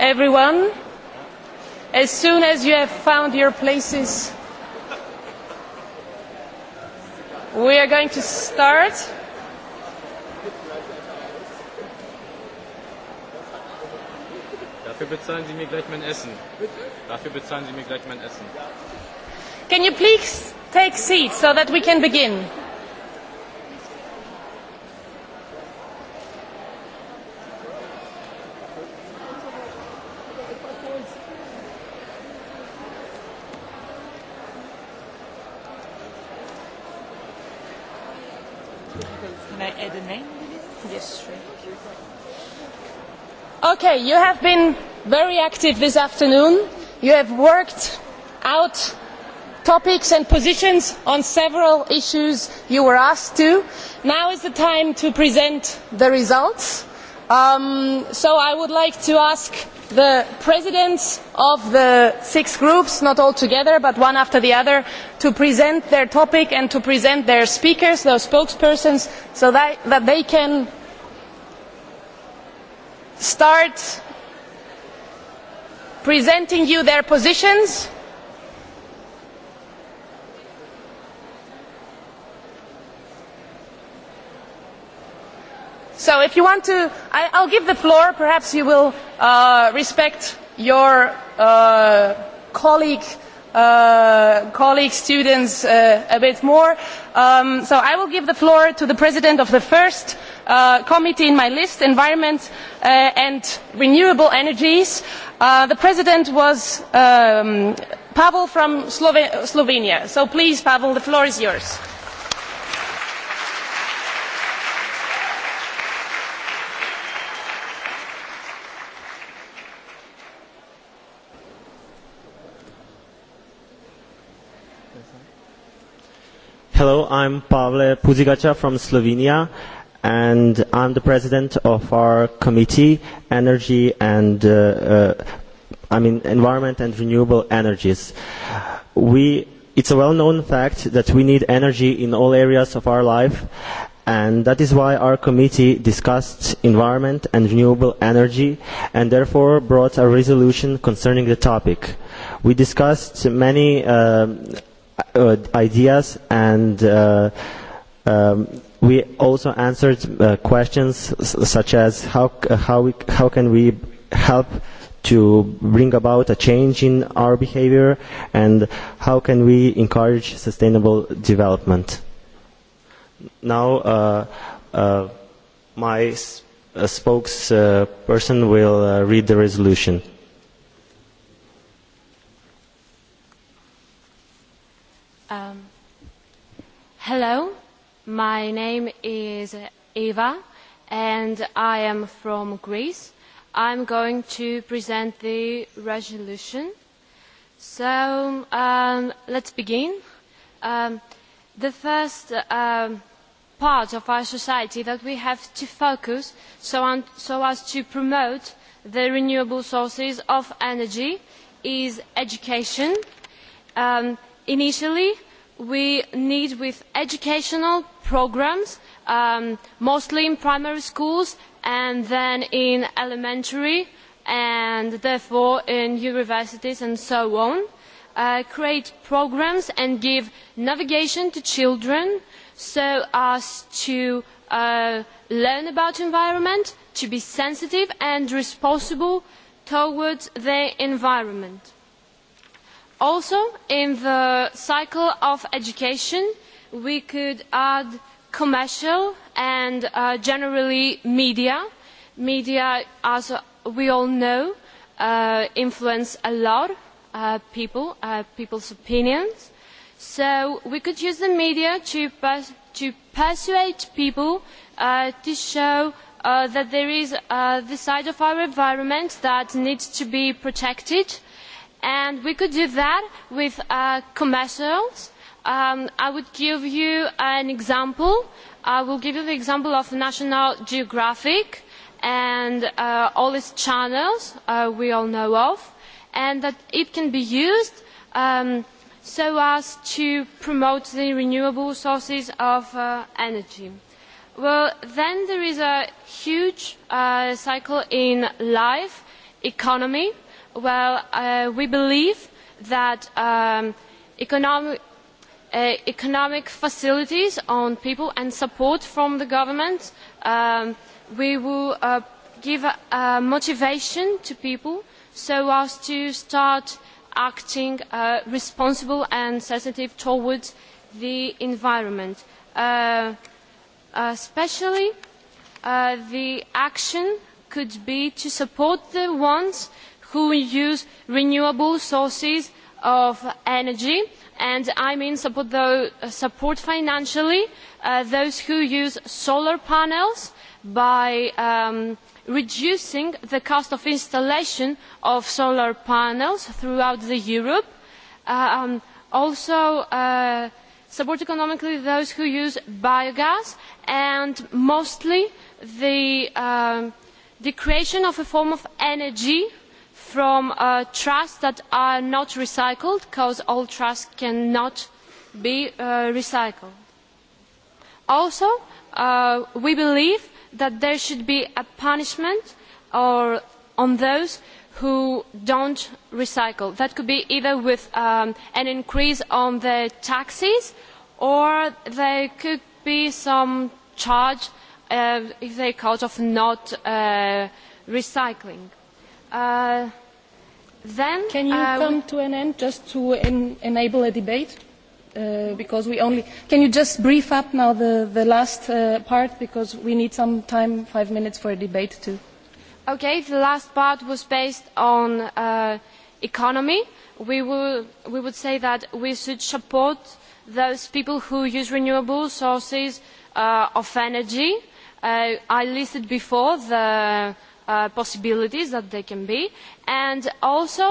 everyone. As soon as you have found your places, we are going to start. Dafür bezahlen Sie mir gleich mein Essen. Dafür bezahlen Sie mir gleich mein Essen. Can you please take seats so that we can begin? Okay, you have been very active this afternoon. You have worked out topics and positions on several issues you were asked to. Now is the time to present the results. So I would like to ask the presidents of the six groups not all together but one after the other to present their topic and to present their speakers their spokespersons so that they can start presenting you their positions. So if you want to, I, will give the floor. Perhaps you will respect your colleague, colleague students a bit more. so I will give the floor to the president of the first committee in my list, Environment and Renewable Energies. the president was Pavel from Slovenia. So please, Pavel, the floor is yours. Hello, I'm Pavle Puzigacha from Slovenia, and I'm the president of our committee, Energy and, I mean, Environment and Renewable Energies. We, it's a well-known fact that we need energy in all areas of our life, and that is why our committee discussed environment and renewable energy, and therefore brought a resolution concerning the topic. We discussed many ideas and we also answered questions such as how how how can we help to bring about a change in our behavior and how can we encourage sustainable development now my spokesperson will read the resolution Hello, my name is Eva and I am from Greece. I am going to present the resolution. So let's begin. The first part of our society that we have to focus so as to promote the renewable sources of energy is education initially we need with educational programmes mostly in primary schools and then in elementary and therefore in universities and so on create programmes and give navigation to children so as to learn about the environment to be sensitive and responsible towards the environment. Also, in the cycle of education, we could add commercial and generally media. Media, as we all know, influence a lot people's opinions. So we could use the media to persuade people to show that there is the side of our environment that needs to be protected and we could do that with commercials. I would give you an example. I will give you the example of National Geographic and all its channels we all know of, and that it can be used so as to promote the renewable sources of energy. Well, then there is a huge cycle in life, economy Well, we believe that economic facilities on people and support from the government will give motivation to people so as to start acting responsible and sensitive towards the environment. Especially, the action could be to support the ones who use renewable sources of energy and I mean support financially those who use solar panels by reducing the cost of installation of solar panels throughout Europe. Also support economically those who use biogas and mostly the creation of a form of energy from trusts that are not recycled because all trusts cannot be recycled. Also, we believe that there should be a punishment on those who don't recycle. That could be either with an increase on the taxes or there could be some charge if they caught of not recycling. Then can you come to an end just to enable a debate, because we only can you just brief up now the the last part because we need some time, five minutes for a debate too. Okay, the last part was based on economy. We will we would say that we should support those people who use renewable sources of energy. I listed before the possibilities that they can be. And also,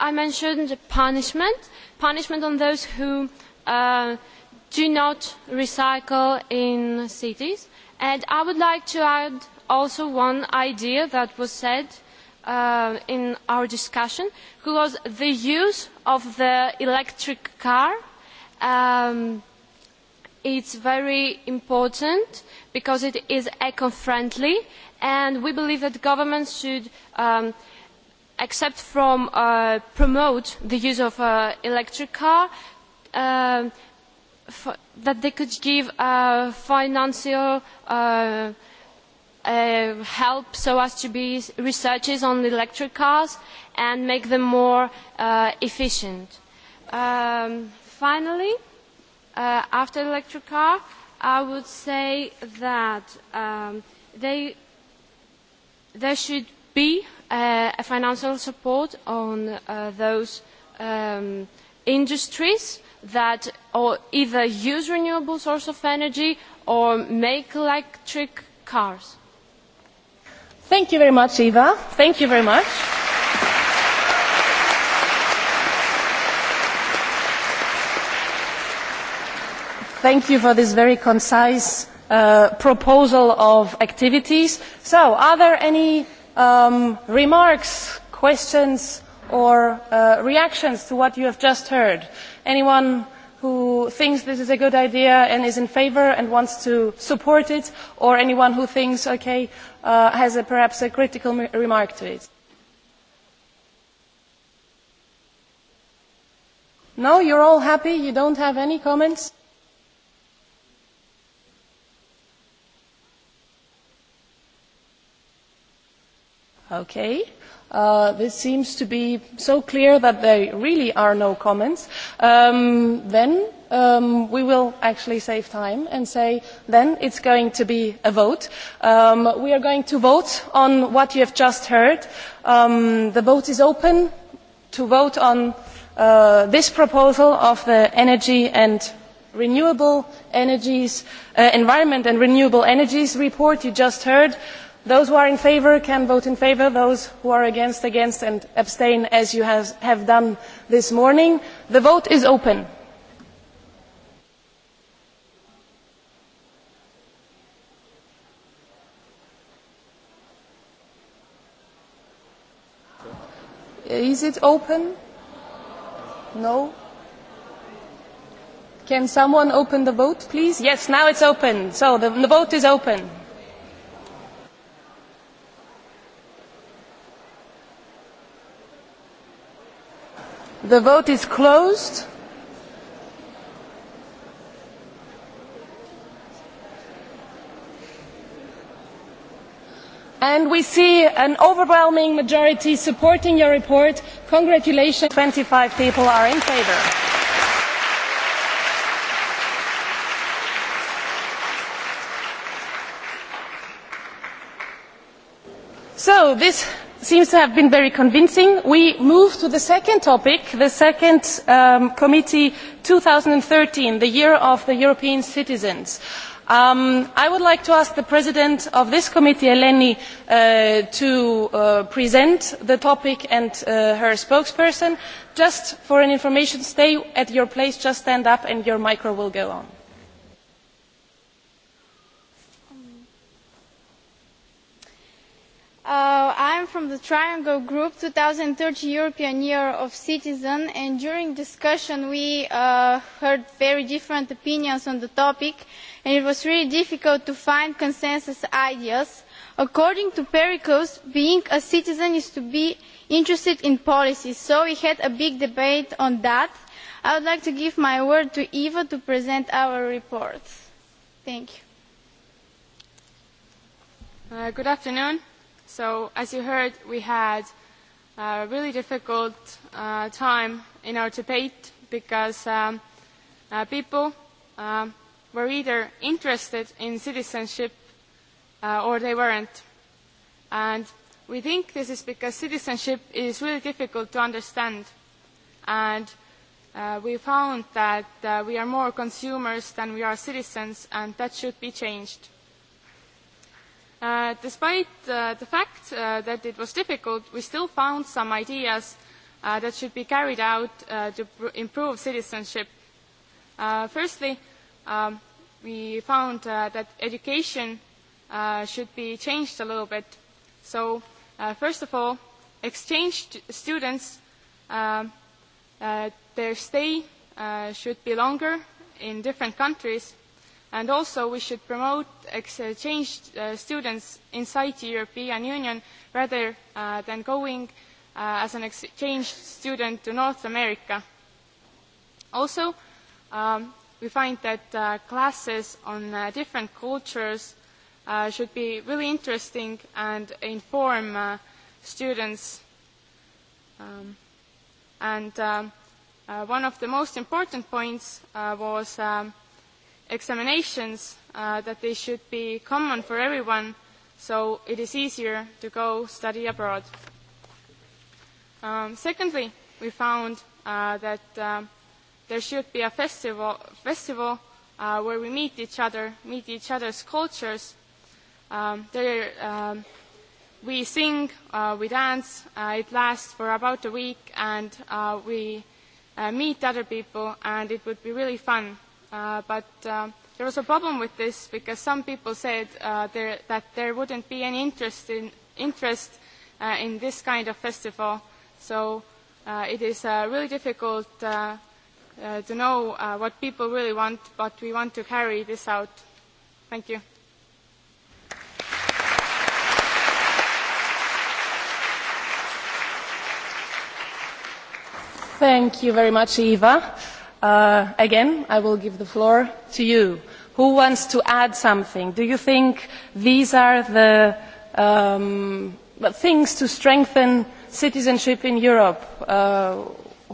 I mentioned punishment, punishment on those who do not recycle in cities. And I would like to add also one idea that was said in our discussion, which was the use of the electric car. It's very important because it is eco-friendly and we believe that governments should accept from promote the use of electric car that they could give financial help so as to be researches on electric cars and make them more efficient. Finally, after electric car, I would say that they There should be a financial support on those industries that either use renewable source of energy or make electric cars. Thank you very much, Eva. Thank you very much. Thank you for this very concise proposal of activities. So, are there any remarks, questions or reactions to what you have just heard? Anyone who thinks this is a good idea and is in favour and wants to support it, or anyone who thinks, okay, has perhaps a critical remark to it? No, you're all happy. You don't have any comments. Okay. This seems to be so clear that there really are no comments. Then we will actually save time and say then it's going to be a vote. We are going to vote on what you have just heard. The vote is open to vote on this proposal of the Energy and Renewable Energies, Environment and Renewable Energies report you just heard. Those who are in favour can vote in favour, those who are against, against and abstain as you have done this morning. The vote is open. Is it open? No? Can someone open the vote, please? Yes, now it's open. So the vote is open. The vote is closed. And we see an overwhelming majority supporting your report. Congratulations. 25 people are in favor. So this seems to have been very convincing. We move to the second topic, the second committee, 2013, the year of the European citizens. I would like to ask the President of this committee, Eleni, to present the topic and her spokesperson. Just for an information, stay at your place, just stand up and your micro will go on. I am from the Triangle Group 2030 European Year of Citizen and during discussion we heard very different opinions on the topic and it was really difficult to find consensus ideas. According to Pericles, being a citizen is to be interested in policies, so we had a big debate on that. I would like to give my word to Eva to present our report. Thank you. Good afternoon. So as you heard, we had a really difficult time in our debate because people were either interested in citizenship or they weren't. And we think this is because citizenship is really difficult to understand. And we found that we are more consumers than we are citizens, and that should be changed. Despite the fact that it was difficult, we still found some ideas that should be carried out to improve citizenship. Firstly, we found that education should be changed a little bit. So, first of all, exchange students, their stay should be longer in different countries and also we should promote exchange students inside the European Union rather than going as an exchange student to North America. Also, we find that classes on different cultures should be really interesting and inform students. And one of the most important points was examinations that they should be common for everyone so it is easier to go study abroad. Um Secondly, we found that there should be a festival festival where we meet each other, meet each other's cultures. Um there We sing, we dance, it lasts for about a week and we meet other people and it would be really fun. But there was a problem with this because some people said that there wouldn't be any interest in this kind of festival. So it is really difficult to know what people really want, but we want to carry this out. Thank you. Thank you very much, Eva. Again, I will give the floor to you. Who wants to add something? Do you think these are the things to strengthen citizenship in Europe?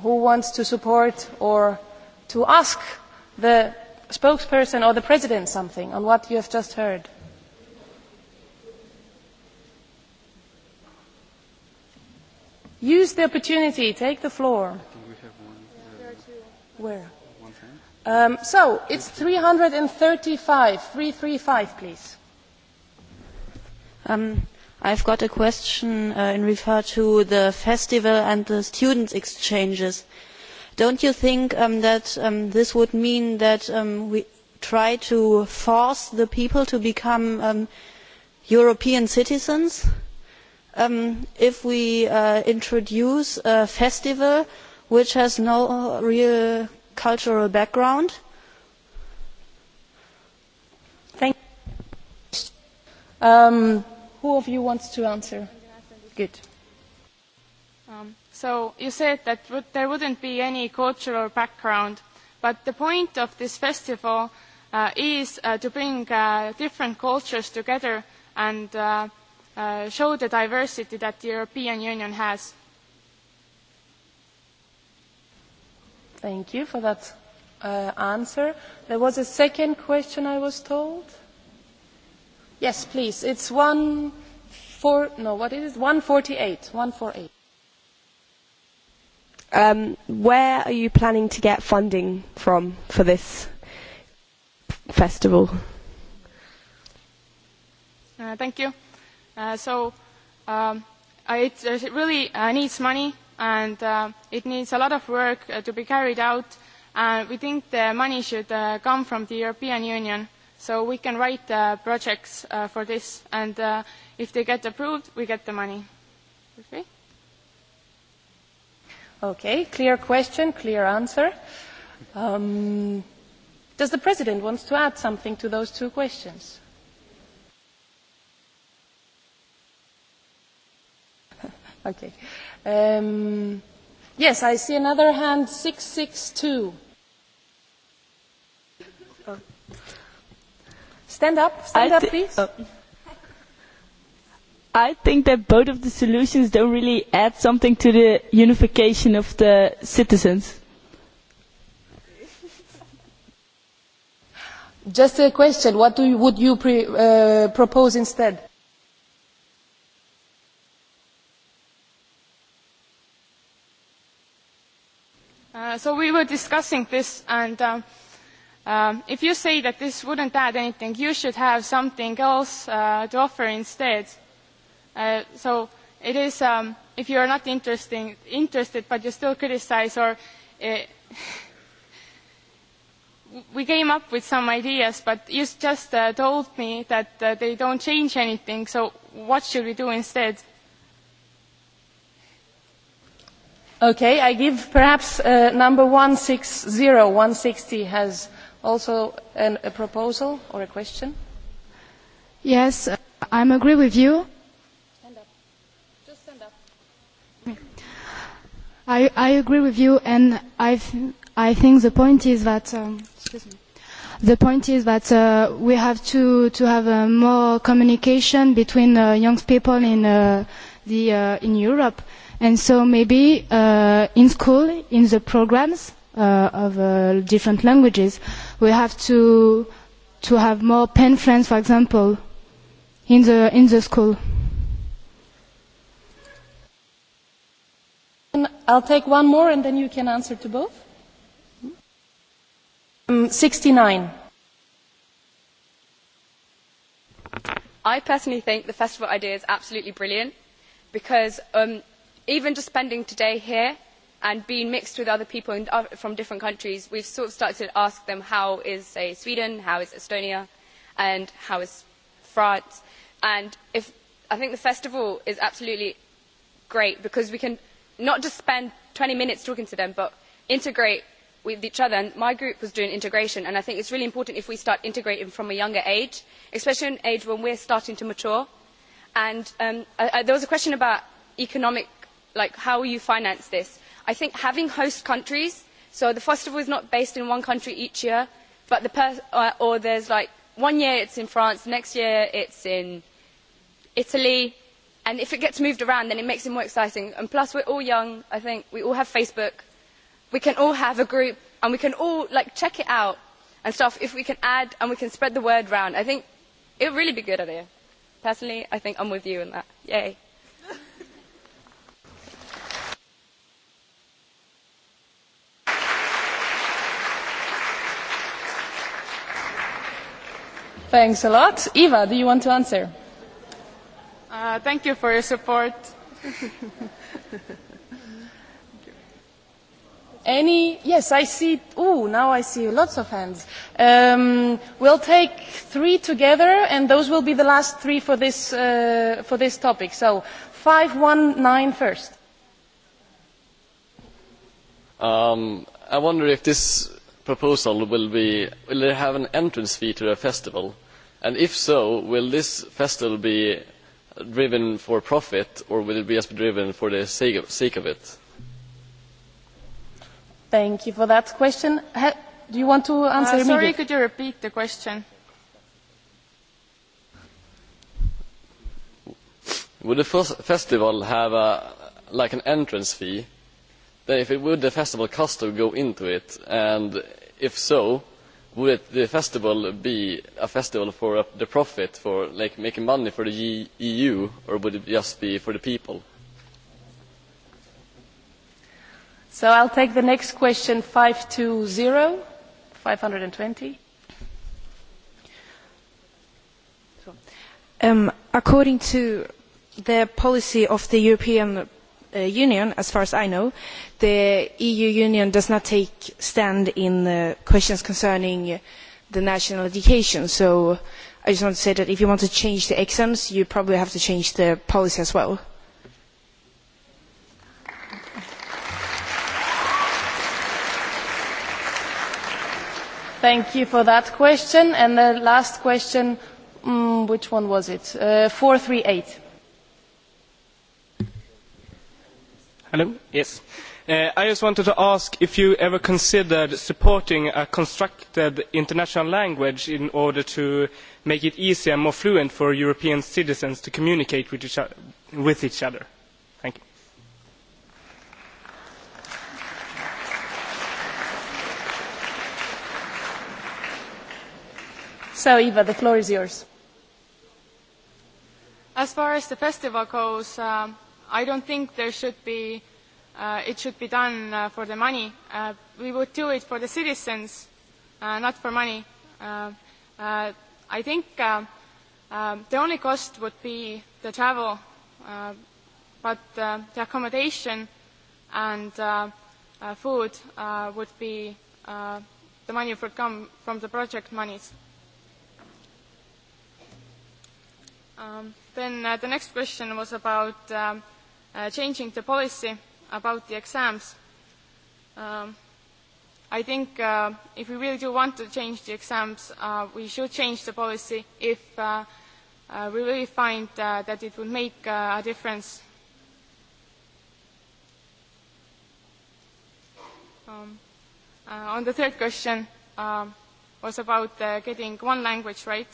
Who wants to support or to ask the spokesperson or the president something on what you have just heard? Use the opportunity. Take the floor. Where? Um, so, it's 335. 335, please. Um, I've got a question in regard to the festival and the students' exchanges. Don't you think that this would mean that we try to force the people to become European citizens? If we introduce a festival which has no real cultural background? Thank. Who of you wants to answer? Good. So you said that there wouldn't be any cultural background, but the point of this festival is to bring different cultures together and show the diversity that the European Union has. Thank you for that answer. There was a second question I was told. Yes, please. It's one four. No, what is it? One forty-eight. One eight. Where are you planning to get funding from for this festival? Thank you. So, it really needs money and it needs a lot of work to be carried out and we think the money should come from the European Union so we can write projects for this and if they get approved we get the money. Okay? Okay, clear question, clear answer. does the President want to add something to those two questions? Okay. Yes, I see another hand, 662. Stand up, stand up, please. I think that both of the solutions don't really add something to the unification of the citizens. Just a question, what would you propose instead? So we were discussing this, and if you say that this wouldn't add anything, you should have something else to offer instead. So it is, if you are not interested, but you still criticise, or we came up with some ideas, but you just told me that they don't change anything. So what should we do instead? Okay, I give perhaps number 160, 160 has also a proposal or a question. Yes, I agree with you. up, I I agree with you, and I I think the point is that the point is that we have to to have more communication between young people in the in Europe And so maybe in school, in the programs of different languages, we have to to have more pen friends, for example, in the in the school. I'll take one more, and then you can answer to both. 69. I personally think the festival idea is absolutely brilliant because um even just spending today here and being mixed with other people from different countries, we've sort of started to ask them how is, say, Sweden, how is Estonia, and how is France. And if, I think the festival is absolutely great because we can not just spend 20 minutes talking to them, but integrate with each other. And my group was doing integration, and I think it's really important if we start integrating from a younger age, especially an age when we're starting to mature. And there was a question about economic like how will you finance this? i think having host countries so the festival is not based in one country each year but the or there's like one year it's in france next year it's in italy and if it gets moved around then it makes it more exciting and plus we're all young i think we all have facebook we can all have a group and we can all like check it out and stuff if we can add and we can spread the word round i think it would really be a good idea personally i think i'm with you on that yay Thanks a lot. Eva, do you want to answer? Thank you for your support. Any? Yes, I see. Ooh, now I see lots of hands. We'll take three together, and those will be the last three for this for this topic. So, five, one, nine first. I wonder if this proposal will have an entrance fee to the festival? And if so, will this festival be driven for profit or will it be as driven for the sake of it? Thank you for that question. Do you want to answer Sorry, could you repeat the question? Would the festival have like an entrance fee if would the festival cost go into it and if so would the festival be a festival for the profit for like making money for the eu or would it just be for the people? so i'll take the next question 520 520 according to the policy of the european Union, as far as I know, the EU Union does not take stand in questions concerning the national education. So I just want to say that if you want to change the exams, you probably have to change the policy as well. Thank you for that question. And the last question, which one was it? 438. Hello. Yes. I just wanted to ask if you ever considered supporting a constructed international language in order to make it easier and more fluent for European citizens to communicate with each other. Thank you. So, Eva, the floor is yours. As far as the festival goes I don't think there should be it should be done for the money. We would do it for the citizens, not for money. I think the only cost would be the travel, but the accommodation and food would be the money would come from the project monies. Then the next question was about changing the policy about the exams. I think if we really do want to change the exams, we should change the policy if we really find that it would make a difference. On the third question was about getting one language right.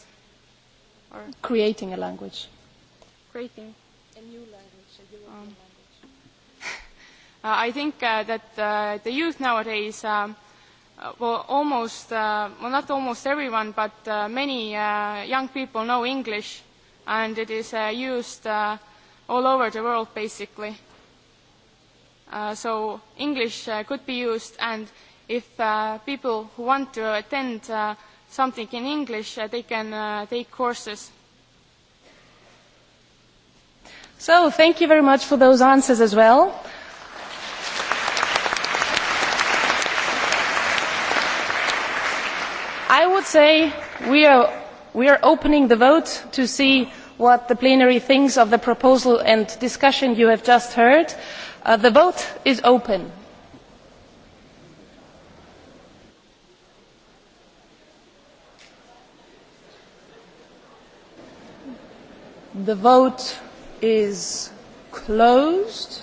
or Creating a language. Creating a new language. I think that the youth nowadays, well, almost, well, not almost everyone, but many young people know English, and it is used all over the world, basically. So English could be used, and if people who want to attend something in English, they can take courses So thank you very much for those answers as well. I would say we are opening the vote to see what the plenary thinks of the proposal and discussion you have just heard. The vote is open. The vote is closed.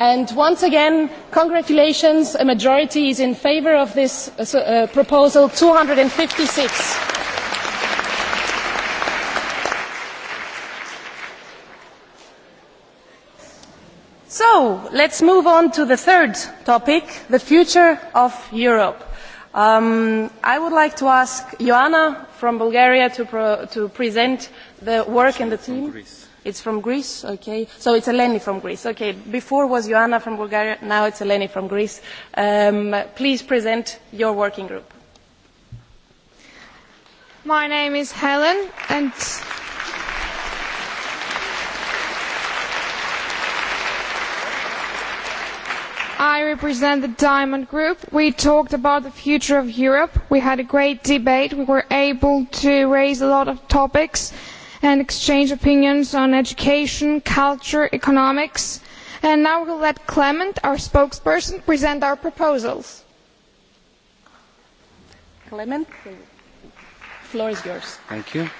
And once again, congratulations, a majority is in favour of this proposal 256. So, let's move on to the third topic, the future of Europe. I would like to ask Ioanna from Bulgaria to present the work and the team. It's from Greece, okay. So it's Eleni from Greece, okay. Before was Ioanna from Bulgaria, now it's Eleni from Greece. Please present your working group. My name is Helen and I represent the Diamond Group. We talked about the future of Europe. We had a great debate. We were able to raise a lot of topics and exchange opinions on education, culture, economics. And now we'll let Clement, our spokesperson, present our proposals. Clement, the floor is yours. Thank you.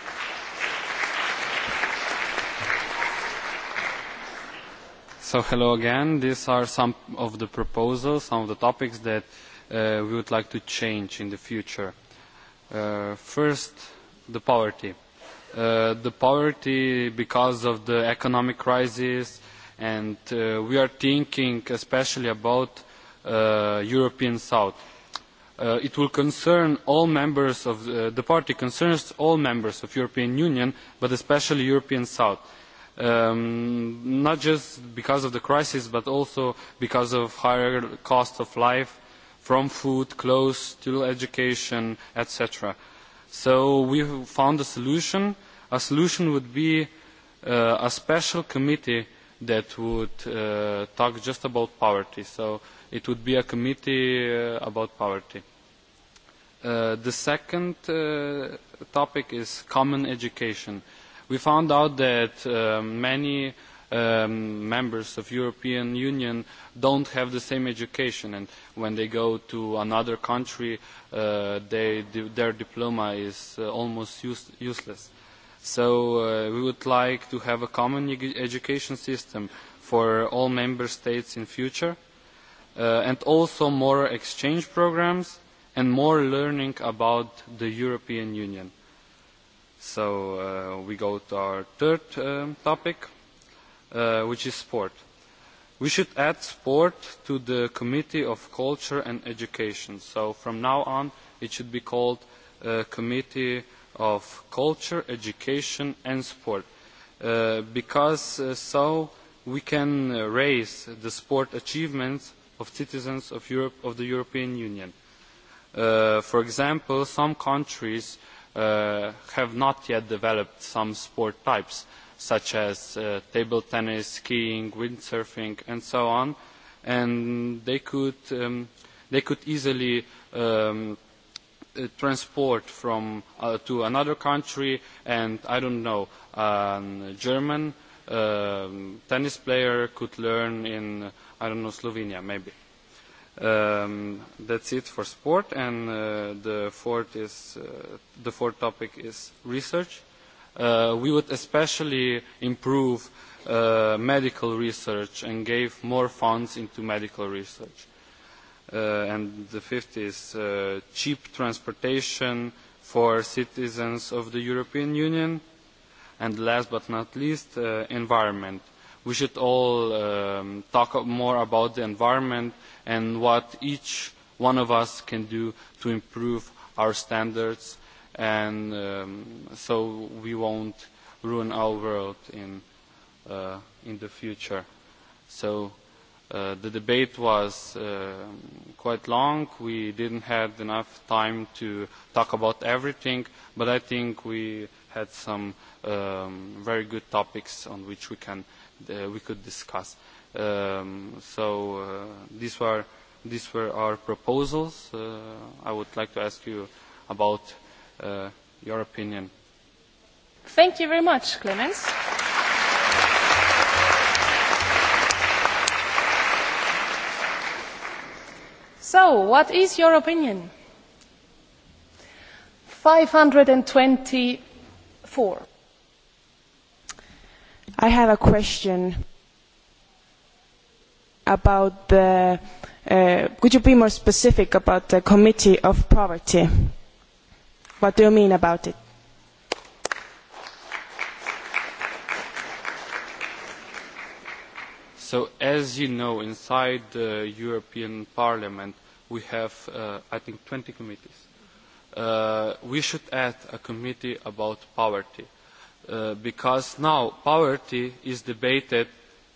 So hello again. These are some of the proposals, some of the topics that we would like to change in the future. First, the poverty. The poverty because of the economic crisis, and we are thinking especially about European South. It will concern all members of the party concerns all members of European Union, but especially European South not just because of the crisis but also because of higher cost of life from food, clothes to education, etc. So we found a solution. A solution would be a special committee that would talk just about poverty. So it would be a committee about poverty. The second topic is common education. We found out that many members of the European Union don't have the same education and when they go to another country their diploma is almost useless. So we would like to have a common education system for all member states in future and also more exchange programmes and more learning about the European Union. So we go to our third topic, which is sport. We should add sport to the Committee of Culture and Education. So from now on, it should be called Committee of Culture, Education and Sport, because so we can raise the sport achievements of citizens of the European Union. For example, some countries have not yet developed some sport types such as table tennis, skiing, windsurfing and so on, and they could easily transport from to another country and I don't know, a German tennis player could learn in I don't know Slovenia maybe That's it for sport, and the fourth is the fourth topic is research. We would especially improve medical research and give more funds into medical research. And the fifth is cheap transportation for citizens of the European Union, and last but not least, environment we should all talk more about the environment and what each one of us can do to improve our standards and so we won't ruin our world in in the future. So the debate was quite long. We didn't have enough time to talk about everything, but I think we had some very good topics on which we can we could discuss. So these were these were our proposals. I would like to ask you about your opinion. Thank you very much, Clemens. So, what is your opinion? 524. I have a question about the. Could you be more specific about the Committee of Poverty? What do you mean about it? So, as you know, inside the European Parliament we have, I think, 20 committees. We should add a committee about poverty because now poverty is debated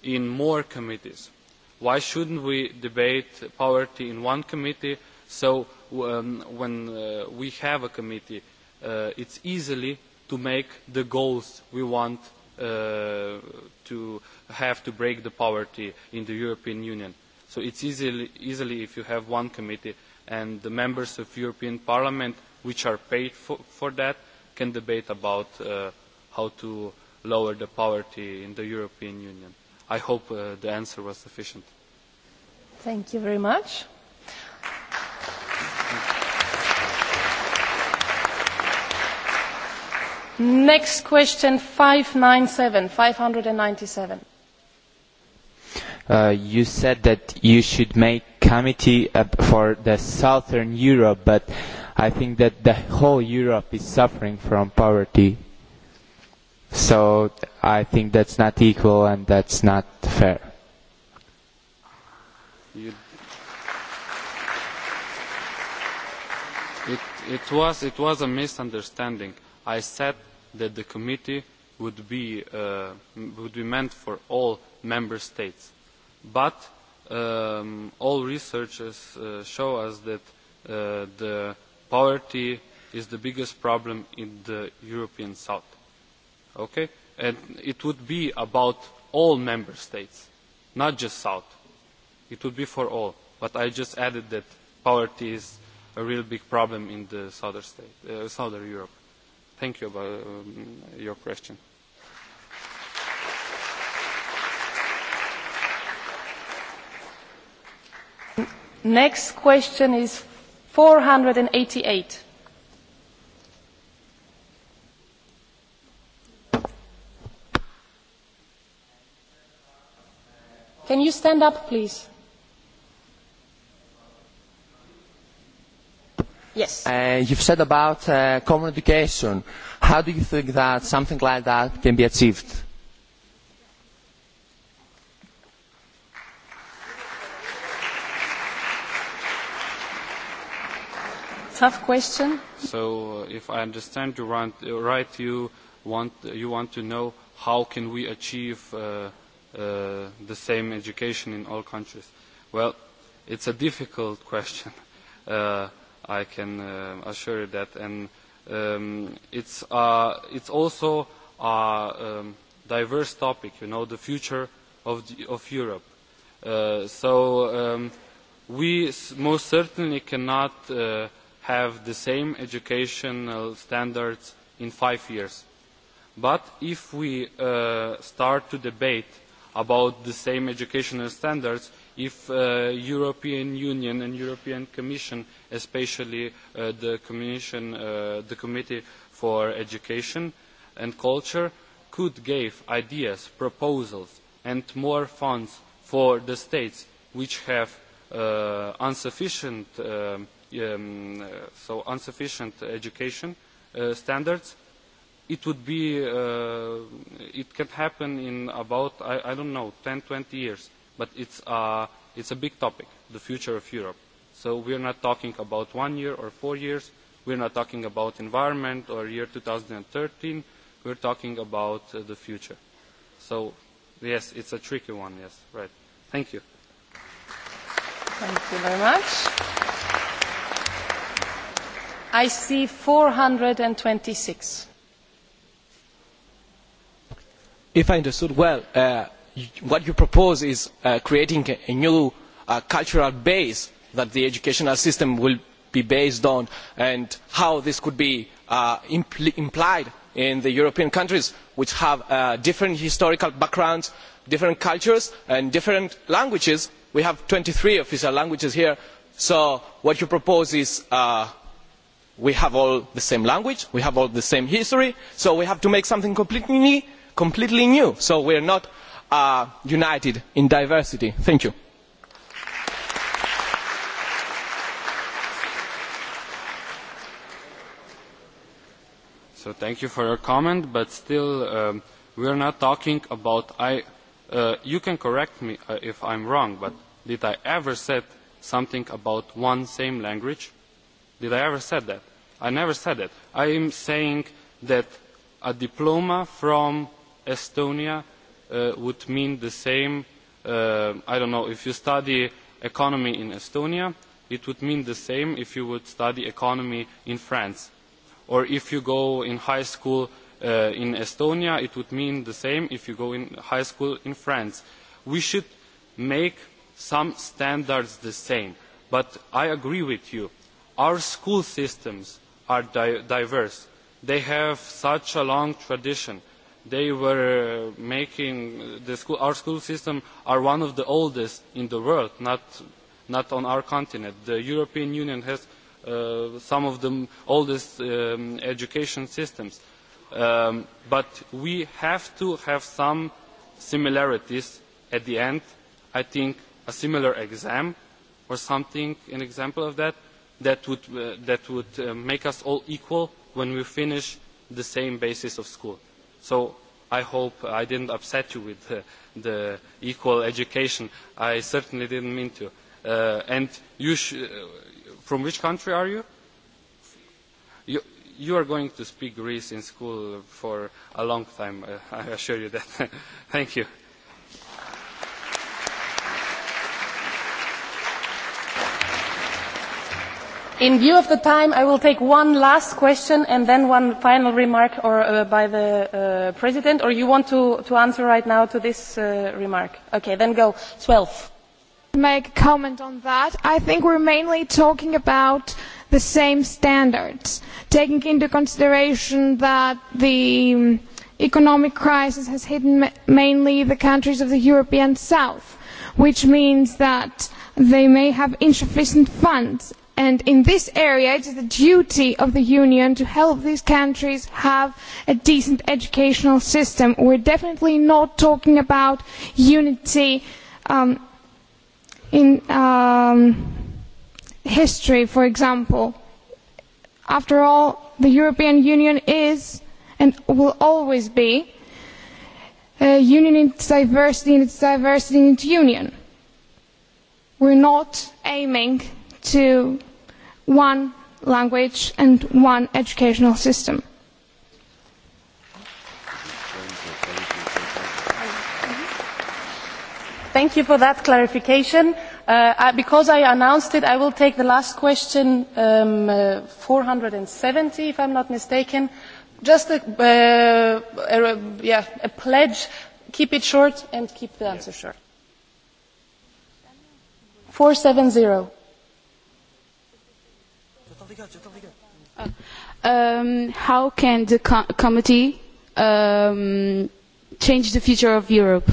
in more committees. Why shouldn't we debate poverty in one committee so when we have a committee it's easily to make the goals we want to have to break the poverty in the European Union. So it's easily if you have one committee and the members of the European Parliament which are paid for that can debate about how to lower the poverty in the European Union. I hope the answer was sufficient. Thank you very much. Next question, 597, 597. You said that you should make committee for the southern Europe, but I think that the whole Europe is suffering from poverty. So I think that's not equal and that's not fair. It, was, a misunderstanding. I said that the committee would be, would be meant for all member states. But all researchers show us that the poverty is the biggest problem in the European South okay and it would be about all member states not just south it would be for all but i just added that poverty is a real big problem in the southern state southern europe thank you about your question next question is 488 Can you stand up, please? Yes. You've said about common education. How do you think that something like that can be achieved? Tough question. So, if I understand you right, you want you want to know how can we achieve the same education in all countries? Well, it's a difficult question. I can assure you that. And it's also a diverse topic, you know, the future of Europe. So we most certainly cannot have the same educational standards in five years. But if we start to debate about the same educational standards if the European Union and European Commission, especially the Committee for Education and Culture, could give ideas, proposals and more funds for the states which have insufficient education standards it would be it can happen in about i don't know 10 20 years but it's a it's a big topic the future of europe so we are not talking about one year or four years we are not talking about environment or year 2013 we are talking about the future so yes it's a tricky one yes right thank you thank you very much i see 426 if i understood well what you propose is creating a new cultural base that the educational system will be based on and how this could be implied in the european countries which have different historical backgrounds different cultures and different languages. we have twenty three official languages here so what you propose is we have all the same language we have all the same history so we have to make something completely new completely new so we are not united in diversity. thank you. so thank you for your comment but still we are not talking about i you can correct me if i'm wrong but did i ever said something about one same language did i ever said that i never said that i am saying that a diploma from Estonia would mean the same. I don't know if you study economy in Estonia, it would mean the same if you would study economy in France, or if you go in high school in Estonia, it would mean the same if you go in high school in France. We should make some standards the same, but I agree with you. Our school systems are diverse. They have such a long tradition they were making the school our school system are one of the oldest in the world not not on our continent the european union has some of the oldest education systems but we have to have some similarities at the end i think a similar exam or something an example of that that would that would make us all equal when we finish the same basis of school So I hope I didn't upset you with the equal education. I certainly didn't mean to. And from which country are you? You are going to speak Greece in school for a long time. I assure you that. Thank you. In view of the time, I will take one last question and then one final remark by the President. Or you want to answer right now to this remark? Okay, then go. 12. Make a comment on that. I think we're mainly talking about the same standards, taking into consideration that the economic crisis has hit mainly the countries of the European South, which means that they may have insufficient funds and in this area it is the duty of the union to help these countries have a decent educational system. We're definitely not talking about unity in history for example. after all the european union is and will always be a union in its diversity and its diversity in its union. We're not aiming to one language and one educational system. Thank you for that clarification. Because I announced it, I will take the last question, 470, if I'm not mistaken. Just a pledge. Keep it short and keep the answer short. 470. How can the committee change the future of Europe?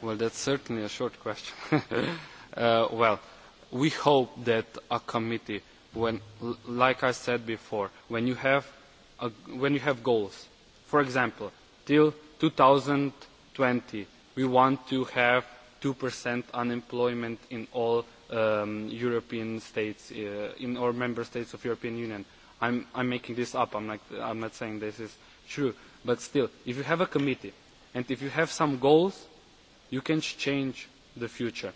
Well, that's certainly a short question. Well, we hope that a committee, when, like I said before, when you have, when you have goals, for example, till 2020 we want to have 2% unemployment in all European states, in all member states of European Union. I'm making this up. I'm not saying this is true. But still, if you have a committee and if you have some goals, you can change the future.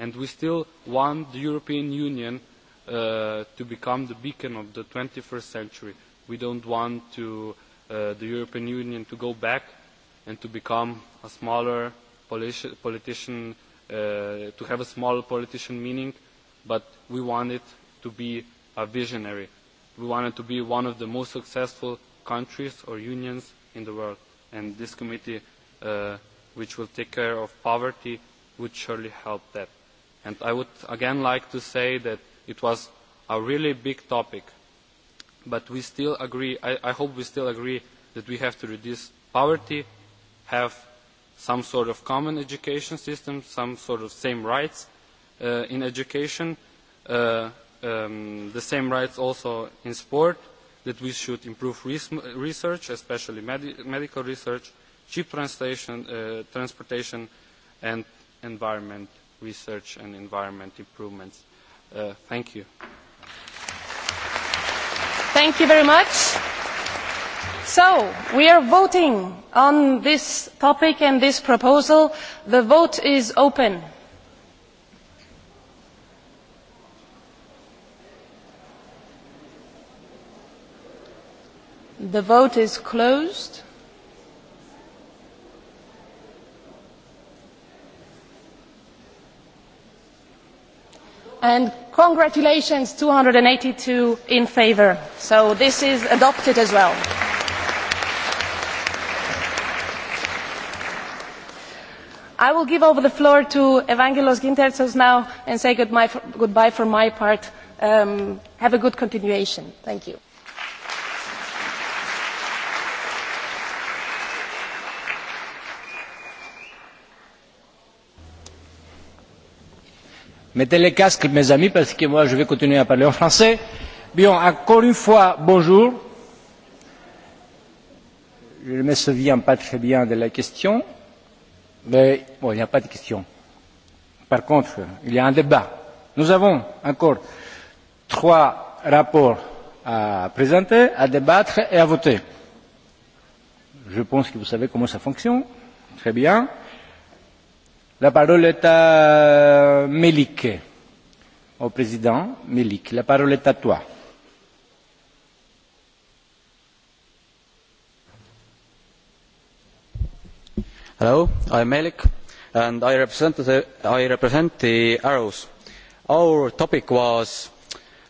And we still want the European Union to become the beacon of the 21st century. We don't want the European Union to go back and to become a smaller politician, to have a small politician meaning, but we want it to be a visionary. We want to be one of the most successful countries or unions in the world. And this committee, which will take care of poverty, would surely help that. And I would again like to say that it was a really big topic, but we still agree, I hope we still agree that we have to reduce poverty have some sort of common education system, some sort of same rights in education, the same rights also in sport, that we should improve research, especially medical research, cheap transportation and environment research and environment improvements. Thank you. Thank you very much. So we are voting on this topic and this proposal. The vote is open. The vote is closed. And congratulations, 282 in favour. So this is adopted as well. I will give over the floor to Evangelos Gintertsos now and say goodbye for my part. Have a good continuation. Thank you. Mettez les casques, mes amis, parce que moi, je vais continuer à parler en français. Bien, encore une fois, bonjour. Je ne me souviens pas très bien de la question Mais bon, il n'y a pas de question. Par contre, il y a un débat. Nous avons encore trois rapports à présenter, à débattre et à voter. Je pense que vous savez comment ça fonctionne. Très bien. La parole est à Melik, au président Melik. La parole est à toi. Hello, I am Melik and I represent the Arrows. Our topic was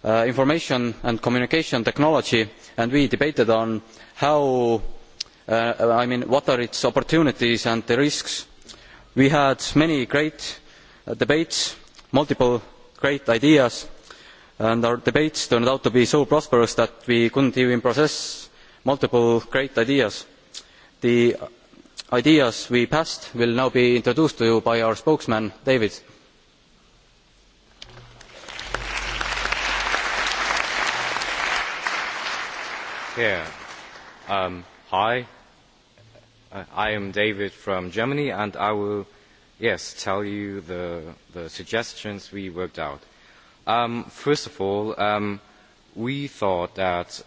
information and communication technology and we debated on how, I mean, what are its opportunities and the risks. We had many great debates, multiple great ideas and our debates turned out to be so prosperous that we couldn't even process multiple great ideas. The ideas we passed will now be introduced to you by our spokesman david. hi i am david from germany and i will yes tell you the suggestions we worked out. first of all we thought that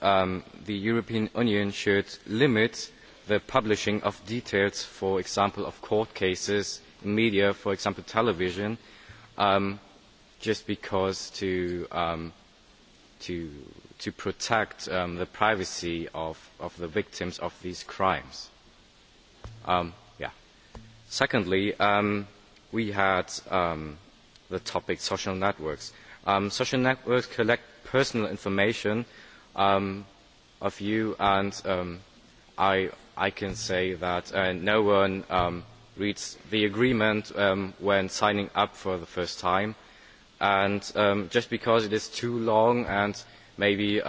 the european union should limit the publishing of details, for example, of court cases in media, for example, television, just because to to protect the privacy of the victims of these crimes. Secondly, we had the topic social networks. Social networks collect personal information of you and I I can say that no one reads the agreement when signing up for the first time, and just because it is too long and maybe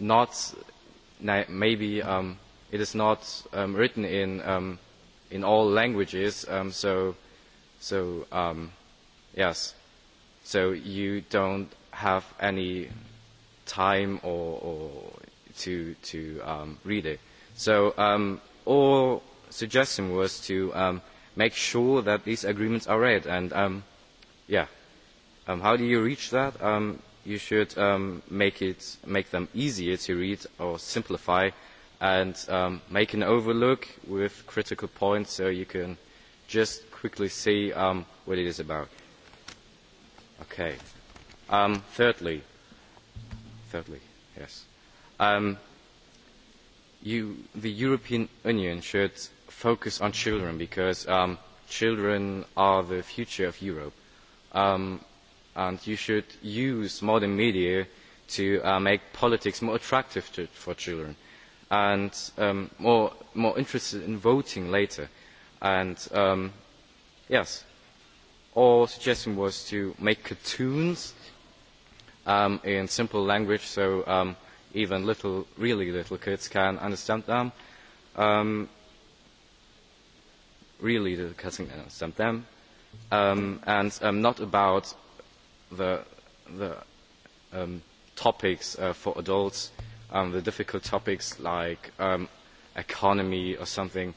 not, maybe it is not written in in all languages, so so yes, so you don't have any time or to to read it. So our suggestion was to make sure that these agreements are read. And, yeah, how do you reach that? You should make them easier to read or simplify and make an overlook with critical points so you can just quickly see what it is about. Okay. Thirdly, thirdly, yes the European Union should focus on children because children are the future of Europe. And you should use modern media to make politics more attractive for children and more interested in voting later. And yes, our suggestion was to make cartoons in simple language so even little, really little kids can understand them. Um, really little kids can understand them. Um, and um, not about the, the um, topics uh, for adults, um, the difficult topics like um, economy or something,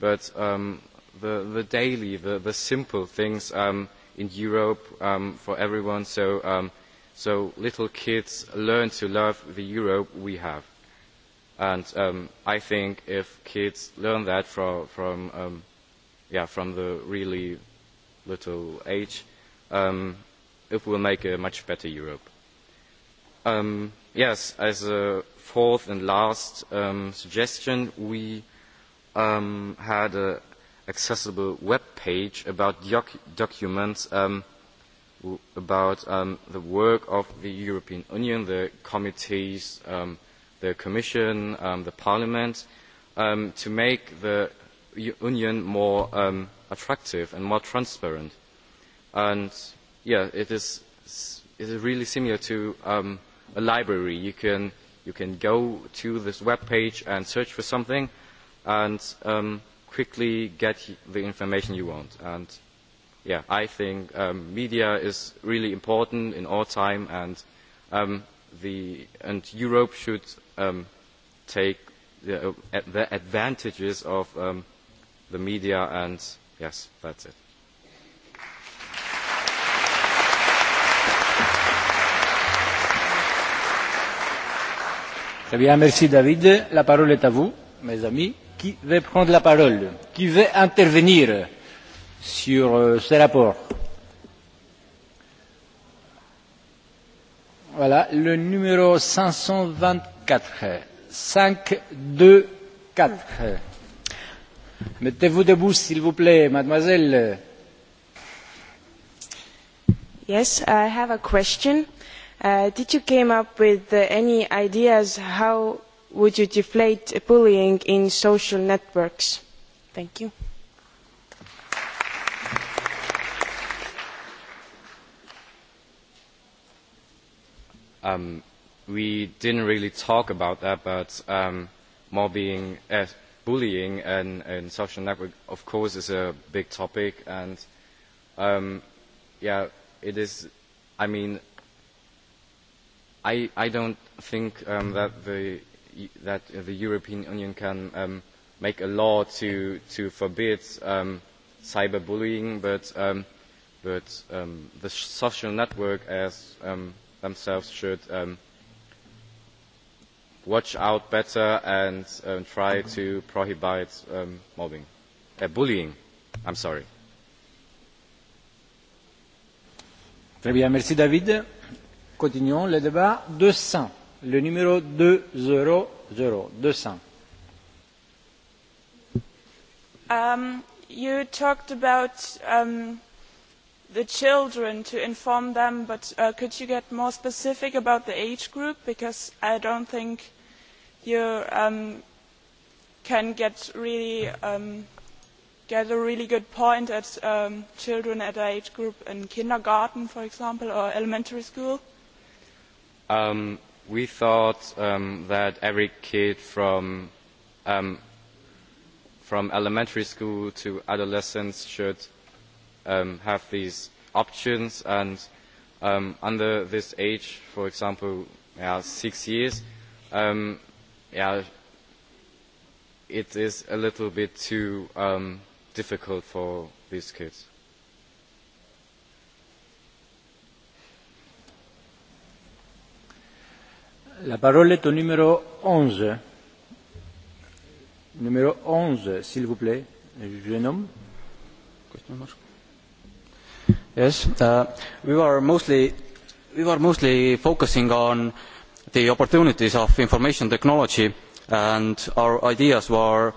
but um, the, the daily, the, the simple things um, in Europe um, for everyone. So um, so little kids learn to love the Europe we have. And I think if kids learn that from from yeah from the really little age, it will make a much better Europe. Yes, as a fourth and last suggestion, we had an accessible web page about documents about the work of the European Union, the committees, the Commission, the Parliament, to make the Union more attractive and more transparent. And yeah, it is really similar to a library. You can you can go to this web page and search for something, and quickly get the information you want. And yeah, I think media is really important in all time and the and Europe should take the advantages of the media and yes, that's it. Très merci David. La parole est à vous, mes amis. Qui veut prendre la parole Qui veut intervenir sur ce rapport. Voilà, le numéro 524. 524. Mettez-vous debout, s'il vous plaît, mademoiselle. Yes, I have a question. Did you come up with any ideas how would you deflate bullying in social networks? Thank you. we didn't really talk about that, but mobbing, bullying and social network, of course, is a big topic. And, yeah, it is, I mean, I I don't think that the that the European Union can make a law to to forbid cyberbullying, but but the social network as themselves should watch out better and try to prohibit mobbing bullying i'm sorry Très bien, merci David. Continuons le débat. 200, le numéro 200, 200. Um, you talked about um, the children to inform them but could you get more specific about the age group because i don't think you can get a really good point at children at the age group in kindergarten for example or elementary school we thought that every kid from from elementary school to adolescence should have these options and under this age, for example, six years, it is a little bit too difficult for these kids. La parole est au numéro 11. Numéro 11, s'il vous plaît, jeune homme. Question, marche we were mostly focusing on the opportunities of information technology and our ideas were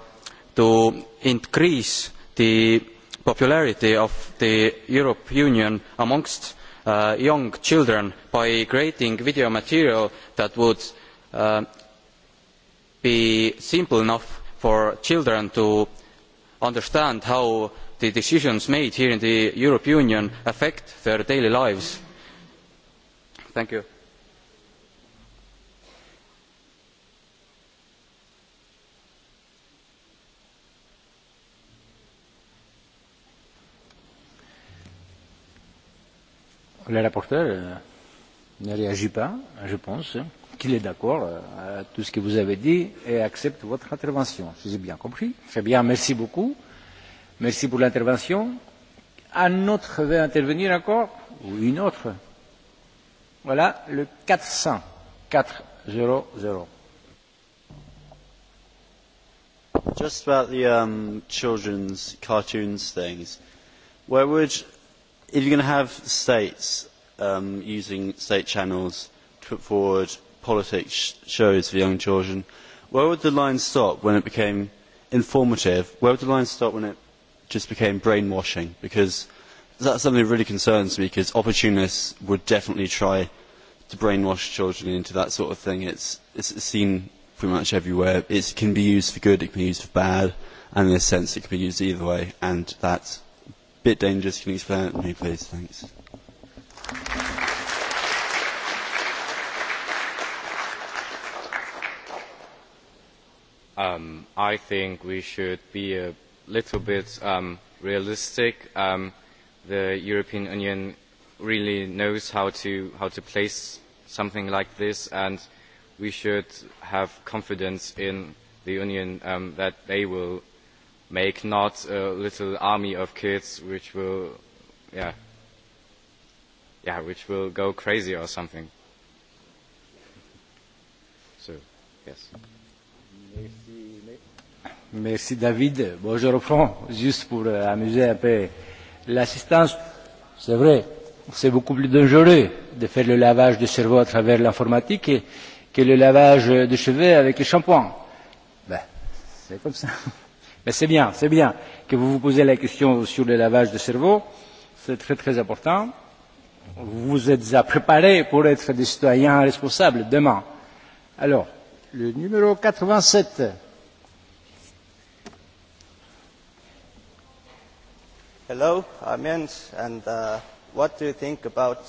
to increase the popularity of the European Union amongst young children by creating video material that would be simple enough for children to understand how the decisions made here in the European Union affect their daily lives. Le rapporteur ne réagit pas, je pense qu'il est d'accord à tout ce que vous avez dit et accepte votre intervention. Si j'ai bien compris. Très bien, merci beaucoup. Merci pour l'intervention. Un autre veut intervenir encore Ou une autre Voilà, le 400. 400. Just about the children's cartoons things. Where would, if you're going to have states using state channels to put forward politics shows for young children, where would the line stop when it became informative? Where would the line stop when it just became brainwashing because that's something that really concerns me because opportunists would definitely try to brainwash children into that sort of thing. It's, seen pretty much everywhere. It can be used for good, it can be used for bad, and in a sense it can be used either way, and that's a bit dangerous. Can you explain it to me, please? Thanks. I think we should be a little bit realistic. The European Union really knows how to how to place something like this, and we should have confidence in the Union that they will make not a little army of kids which will, yeah, yeah, which will go crazy or something. So, yes. Merci David. Bonjour je reprends juste pour amuser un peu l'assistance. C'est vrai, c'est beaucoup plus dangereux de faire le lavage de cerveau à travers l'informatique que le lavage de cheveux avec le shampoing. c'est comme ça. Mais c'est bien, c'est bien que vous vous posez la question sur le lavage de cerveau. C'est très très important. Vous vous êtes à préparer pour être des citoyens responsables demain. Alors, le numéro 87. Hello, I'm Jens, and what do you think about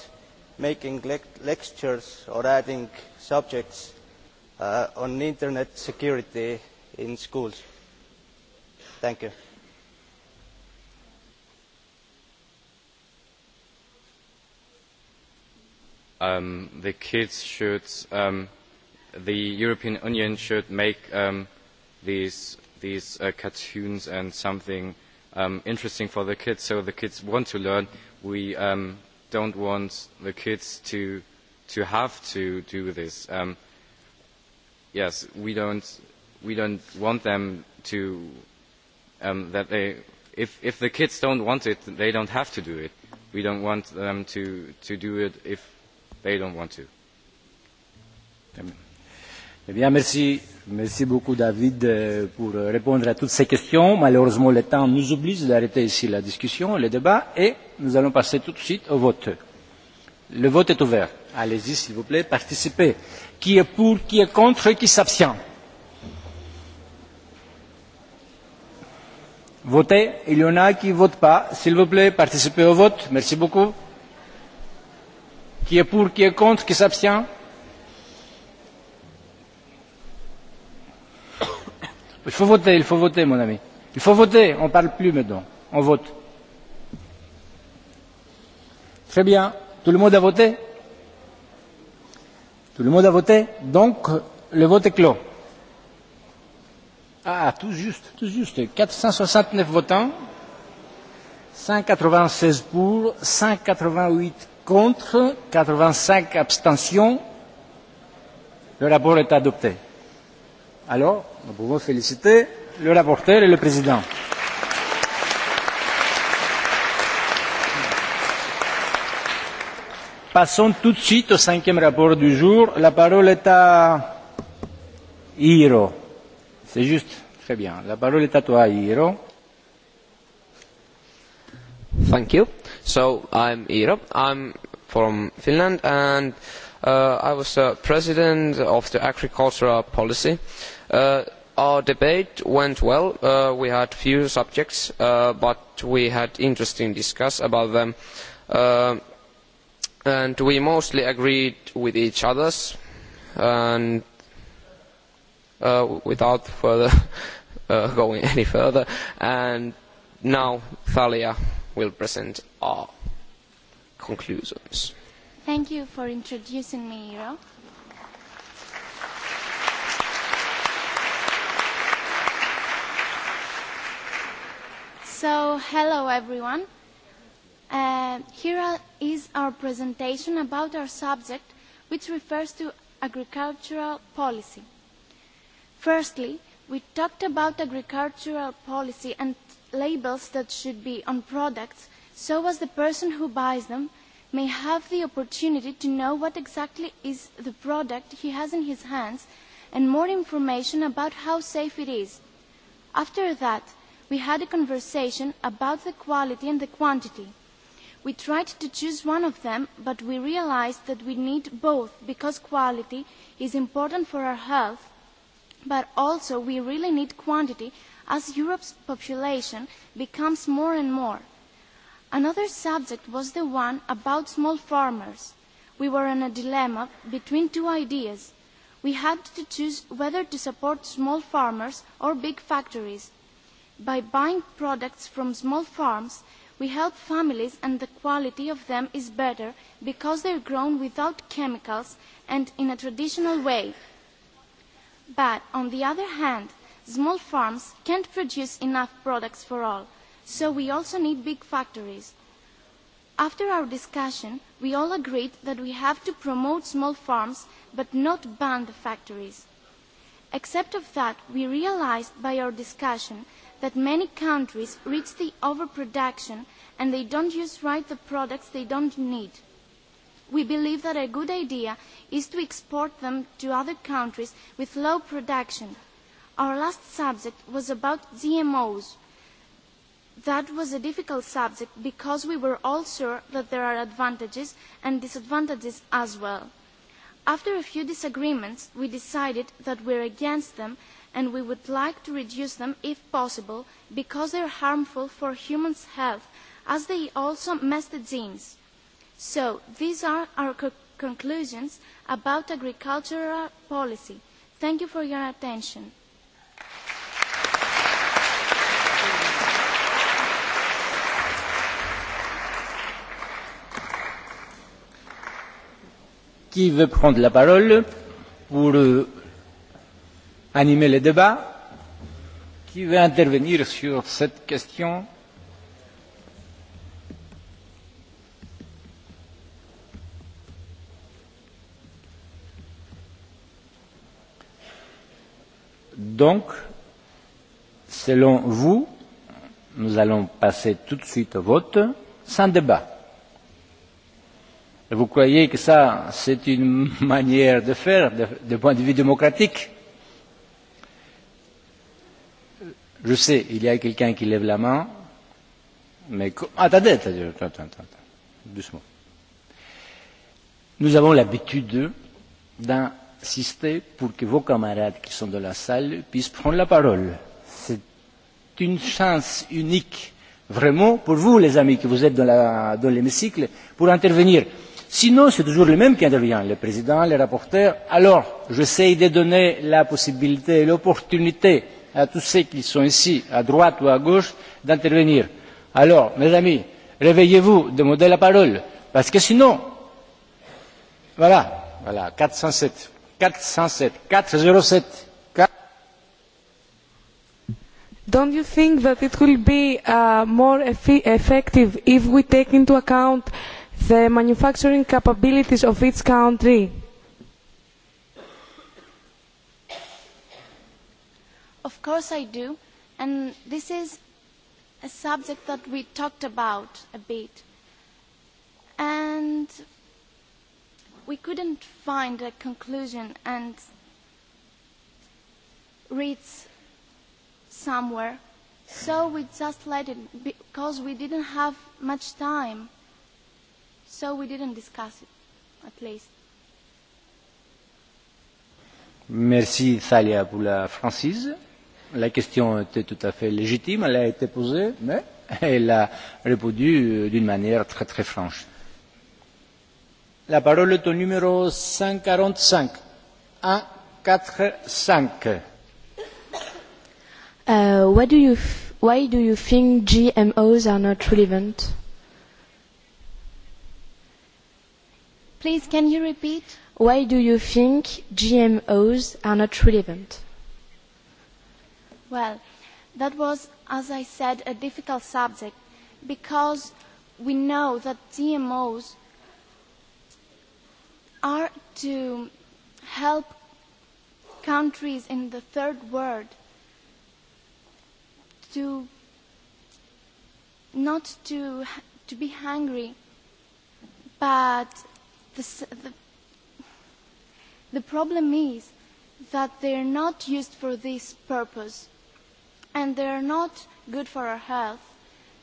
making lectures or adding subjects on internet security in schools? Thank you. Um The kids should, um the European Union should make these these cartoons and something interesting for the kids so the kids want to learn. We don't want the kids to to have to do this. Yes, we don't we don't want them to that they if if the kids don't want it they don't have to do it. We don't want them to to do it if they don't want to. Bien, merci Merci beaucoup David pour répondre à toutes ces questions. Malheureusement, le temps nous oblige d'arrêter ici la discussion, le débat, et nous allons passer tout de suite au vote. Le vote est ouvert. Allez-y, s'il vous plaît, participez. Qui est pour, qui est contre, qui s'abstient Votez. Il y en a qui ne votent pas. S'il vous plaît, participez au vote. Merci beaucoup. Qui est pour, qui est contre, qui s'abstient Il faut voter, il faut voter, mon ami. Il faut voter, on ne parle plus maintenant, on vote. Très bien, tout le monde a voté Tout le monde a voté, donc le vote est clos. Ah, tout juste, tout juste, 469 votants, 196 pour, 188 contre, 85 abstentions. Le rapport est adopté. Alors, nous pouvons féliciter le rapporteur et le président. Passons tout de suite au cinquième rapport du jour. La parole est à Hiro. C'est juste. Très bien. La parole est à toi, Hiro. Thank you. So, I'm Hiro. I'm from Finland and I was president of the agricultural policy. Our debate went well. We had few subjects, but we had interesting discussions about them, and we mostly agreed with each other. And without further going any further, and now Thalia will present our conclusions. Thank you for introducing me, Iro. So, hello everyone. Here is our presentation about our subject, which refers to agricultural policy. Firstly, we talked about agricultural policy and labels that should be on products, so was the person who buys them may have the opportunity to know what exactly is the product he has in his hands and more information about how safe it is. After that, we had a conversation about the quality and the quantity. We tried to choose one of them, but we realized that we need both because quality is important for our health, but also we really need quantity as Europe's population becomes more and more. Another subject was the one about small farmers. We were in a dilemma between two ideas. We had to choose whether to support small farmers or big factories. By buying products from small farms, we help families and the quality of them is better because they are grown without chemicals and in a traditional way. But, on the other hand, small farms can't produce enough products for all so we also need big factories. After our discussion, we all agreed that we have to promote small farms but not ban the factories. Except of that, we realized by our discussion that many countries reach the overproduction and they don't use right the products they don't need. We believe that a good idea is to export them to other countries with low production. Our last subject was about GMOs that was a difficult subject because we were all sure that there are advantages and disadvantages as well. After a few disagreements, we decided that we are against them and we would like to reduce them if possible because they are harmful for human health as they also mess the genes. So these are our conclusions about agricultural policy. Thank you for your attention. qui veut prendre la parole pour animer le débat Qui veut intervenir sur cette question Donc, selon vous, nous allons passer tout de suite au vote, sans débat. Vous croyez que ça, c'est une manière de faire, du point de vue démocratique Je sais, il y a quelqu'un qui lève la main, mais... Attendez, attendez, attendez, doucement. Nous avons l'habitude d'insister pour que vos camarades qui sont dans la salle puissent prendre la parole. C'est une chance unique, vraiment, pour vous, les amis, que vous êtes dans l'hémicycle, pour intervenir Sinon, c'est toujours le même qui intervient, le président, les rapporteurs. Alors, j'essaie de donner la possibilité et l'opportunité à tous ceux qui sont ici, à droite ou à gauche, d'intervenir. Alors, mes amis, réveillez-vous, demandez la parole, parce que sinon, voilà, voilà, 407, 407, 407. Don't you think that it will be more effective if we take into account the manufacturing capabilities of each country? Of course I do. And this is a subject that we talked about a bit. And we couldn't find a conclusion and reads somewhere. So we just let it because we didn't have much time so we didn't discuss it, at least. Merci, Thalia, pour la francise. La question était tout à fait légitime, elle a été posée, mais elle a répondu d'une manière très très franche. La parole est au numéro 145. 145. Uh, what do you, why do you think GMOs are not relevant? Please, can you repeat? Why do you think GMOs are not relevant? Well, that was, as I said, a difficult subject because we know that GMOs are to help countries in the third world to not to, to be hungry, but The problem is that they are not used for this purpose and they are not good for our health.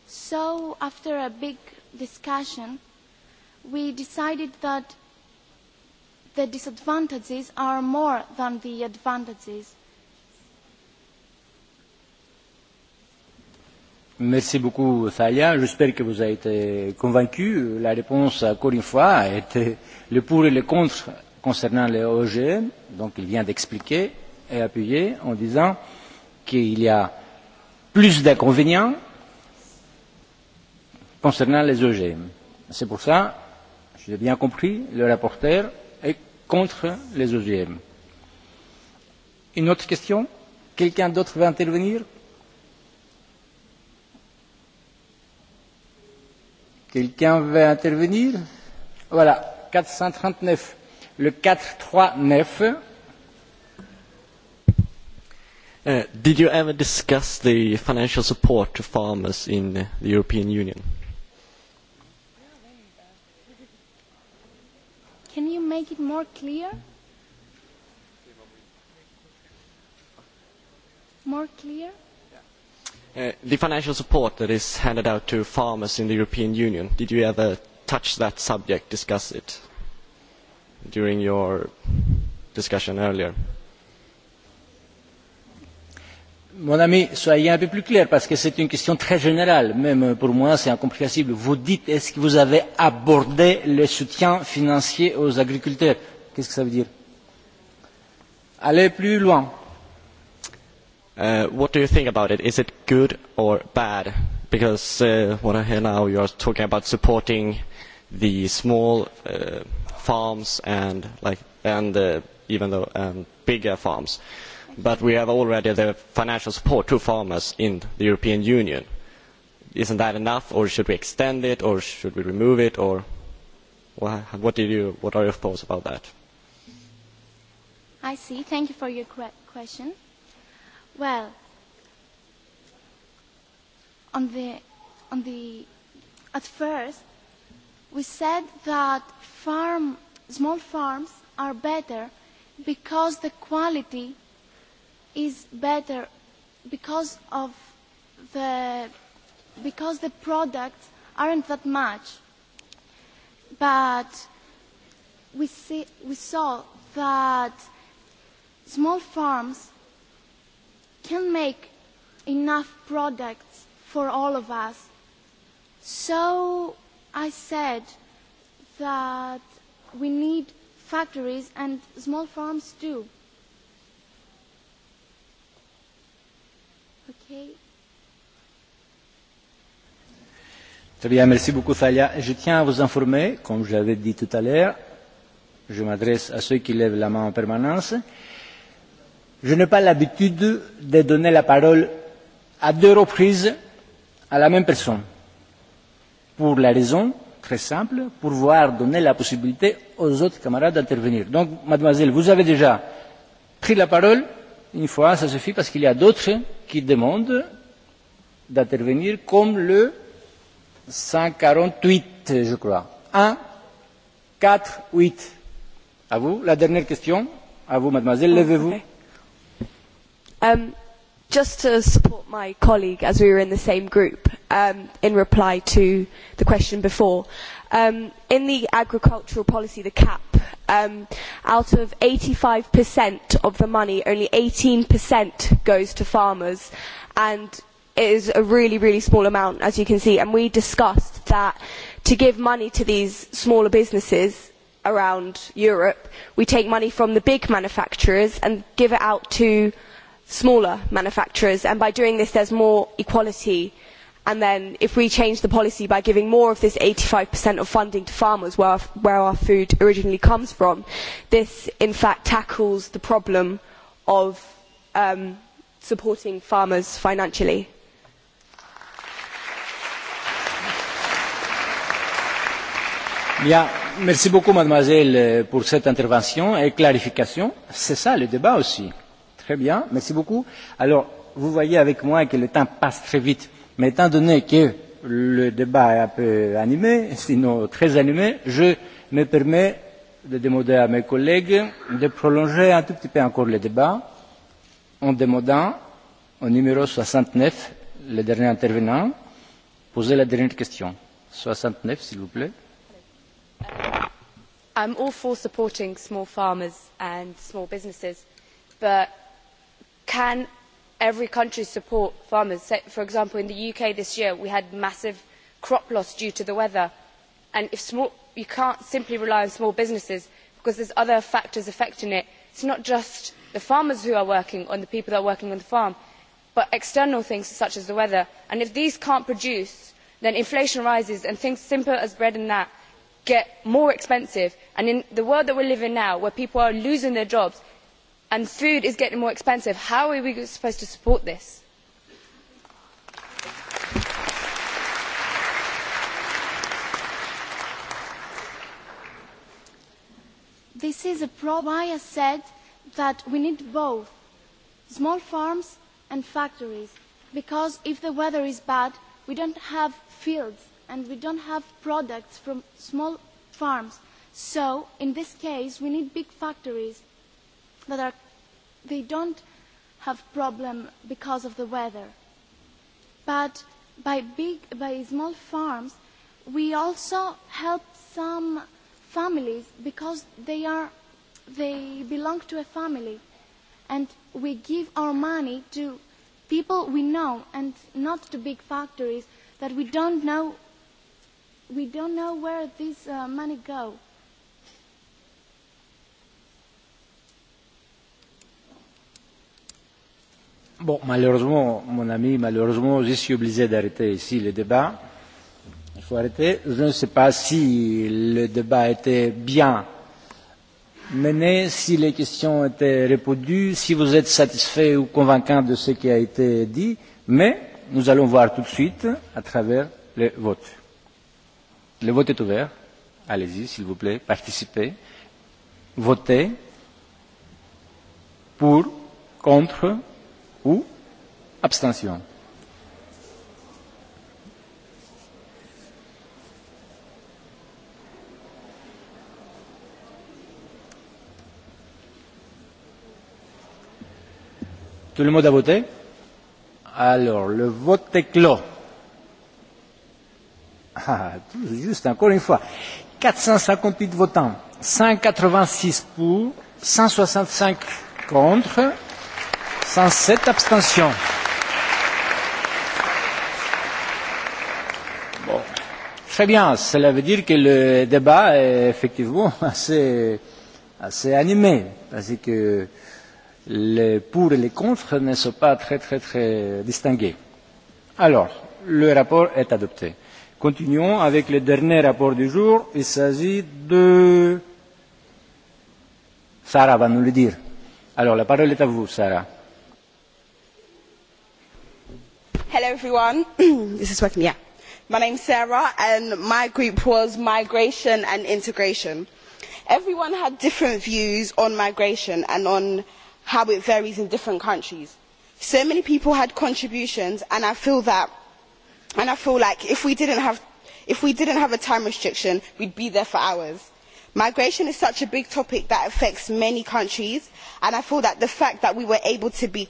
So after a big discussion, we decided that the disadvantages are more than the advantages Merci beaucoup, Thalia. J'espère que vous avez été convaincu. La réponse, encore une fois, a été le pour et le contre concernant les OGM. Donc, il vient d'expliquer et appuyer en disant qu'il y a plus d'inconvénients concernant les OGM. C'est pour cela si j'ai bien compris, le rapporteur est contre les OGM. Une autre question Quelqu'un d'autre veut intervenir Quelqu'un veut intervenir Voilà, 439. Le 439. Did you ever discuss the financial support to farmers in the European Union? Can you make it more clear? More clear? The financial support that is handed out to farmers in the European Union, did you ever touch that subject, discuss it during your discussion earlier? Mon ami, soyez un peu plus clair, parce que c'est une question très générale. Même pour moi, c'est incompréhensible. Vous dites, est-ce que vous avez abordé le soutien financier aux agriculteurs Qu'est-ce que ça veut dire Allez plus loin. What do you think about it? Is it good or bad? Because what I hear now, you are talking about supporting the small farms and like and even the bigger farms, but we have already the financial support to farmers in the European Union. Isn't that enough, or should we extend it, or should we remove it, or what do you? What are your thoughts about that? I see. Thank you for your question Well, on the, on the, at first, we said that farm, small farms are better because the quality is better because of the, because the products aren't that much. But we, see, we saw that small farms can make enough products for all of us. So I said that we need factories and small farms too. Okay. Très bien, merci beaucoup Thalia. Je tiens à vous informer, comme je l'avais dit tout à l'heure, je m'adresse à ceux qui lèvent la main en permanence, Je n'ai pas l'habitude de donner la parole à deux reprises à la même personne. Pour la raison très simple, pour pouvoir donner la possibilité aux autres camarades d'intervenir. Donc, mademoiselle, vous avez déjà pris la parole. Une fois, ça suffit parce qu'il y a d'autres qui demandent d'intervenir, comme le 148, je crois. 1, 4, 8. À vous, la dernière question. À vous, mademoiselle, levez-vous. Just to support my colleague, as we were in the same group, in reply to the question before, in the agricultural policy, the CAP, out of 85% of the money, only 18% goes to farmers, and it is a really, really small amount, as you can see. And we discussed that to give money to these smaller businesses around Europe, we take money from the big manufacturers and give it out to smaller manufacturers and by doing this there is more equality and then if we change the policy by giving more of this 85% of funding to farmers where our food originally comes from this in fact tackles the problem of supporting farmers financially. Merci beaucoup mademoiselle pour cette intervention et clarification. C'est ça le débat aussi Très bien, merci beaucoup. Alors, vous voyez avec moi que le temps passe très vite. Mais étant donné que le débat est un peu animé, sinon très animé, je me permets de demander à mes collègues de prolonger un tout petit peu encore le débat en demandant au numéro 69, le dernier intervenant, poser la dernière question. 69, s'il vous plaît. all for supporting small farmers and small businesses, but can every country support farmers? For example, in the UK this year we had massive crop loss due to the weather, and you cannot simply rely on small businesses because there are other factors affecting it. is not just the farmers who are working or the people that are working on the farm, but external things such as the weather. And if these can't produce, then inflation rises and things simple as bread and that get more expensive. And in the world that we live in now, where people are losing their jobs, and food is getting more expensive. How are we supposed to support this? This is a Why I said that we need both small farms and factories, because if the weather is bad, we don't have fields and we don't have products from small farms. So in this case, we need big factories that are they don't have problem because of the weather. But by big by small farms we also help some families because they are they belong to a family and we give our money to people we know and not to big factories that we don't know we don't know where this money goes. Bon, malheureusement, mon ami, malheureusement, je suis obligé d'arrêter ici le débat. Il faut arrêter. Je ne sais pas si le débat a été bien mené, si les questions étaient répondues, si vous êtes satisfait ou convaincant de ce qui a été dit, mais nous allons voir tout de suite à travers le vote. Le vote est ouvert. Allez-y, s'il vous plaît, participez. Votez pour, contre, ou abstention. Tout le monde a voté Alors, le vote est clos. Ah, juste encore une fois. 458 votants, 186 pour, 165 contre 107 abstentions. Bon. Très bien, cela veut dire que le débat est effectivement assez, assez animé, parce que les pour et les contre ne sont pas très très très distingués. Alors, le rapport est adopté. Continuons avec le dernier rapport du jour. Il s'agit de... Sarah va nous le dire. Alors, la parole est à vous, Sarah. Hello everyone. This is working, yeah. My name is Sarah and my group was migration and integration. Everyone had different views on migration and on how it varies in different countries. So many people had contributions and I feel that and I feel like if we didn't have if we didn't have a time restriction, we'd be there for hours migration is such a big topic that affects many countries and i feel that the fact that we were able to be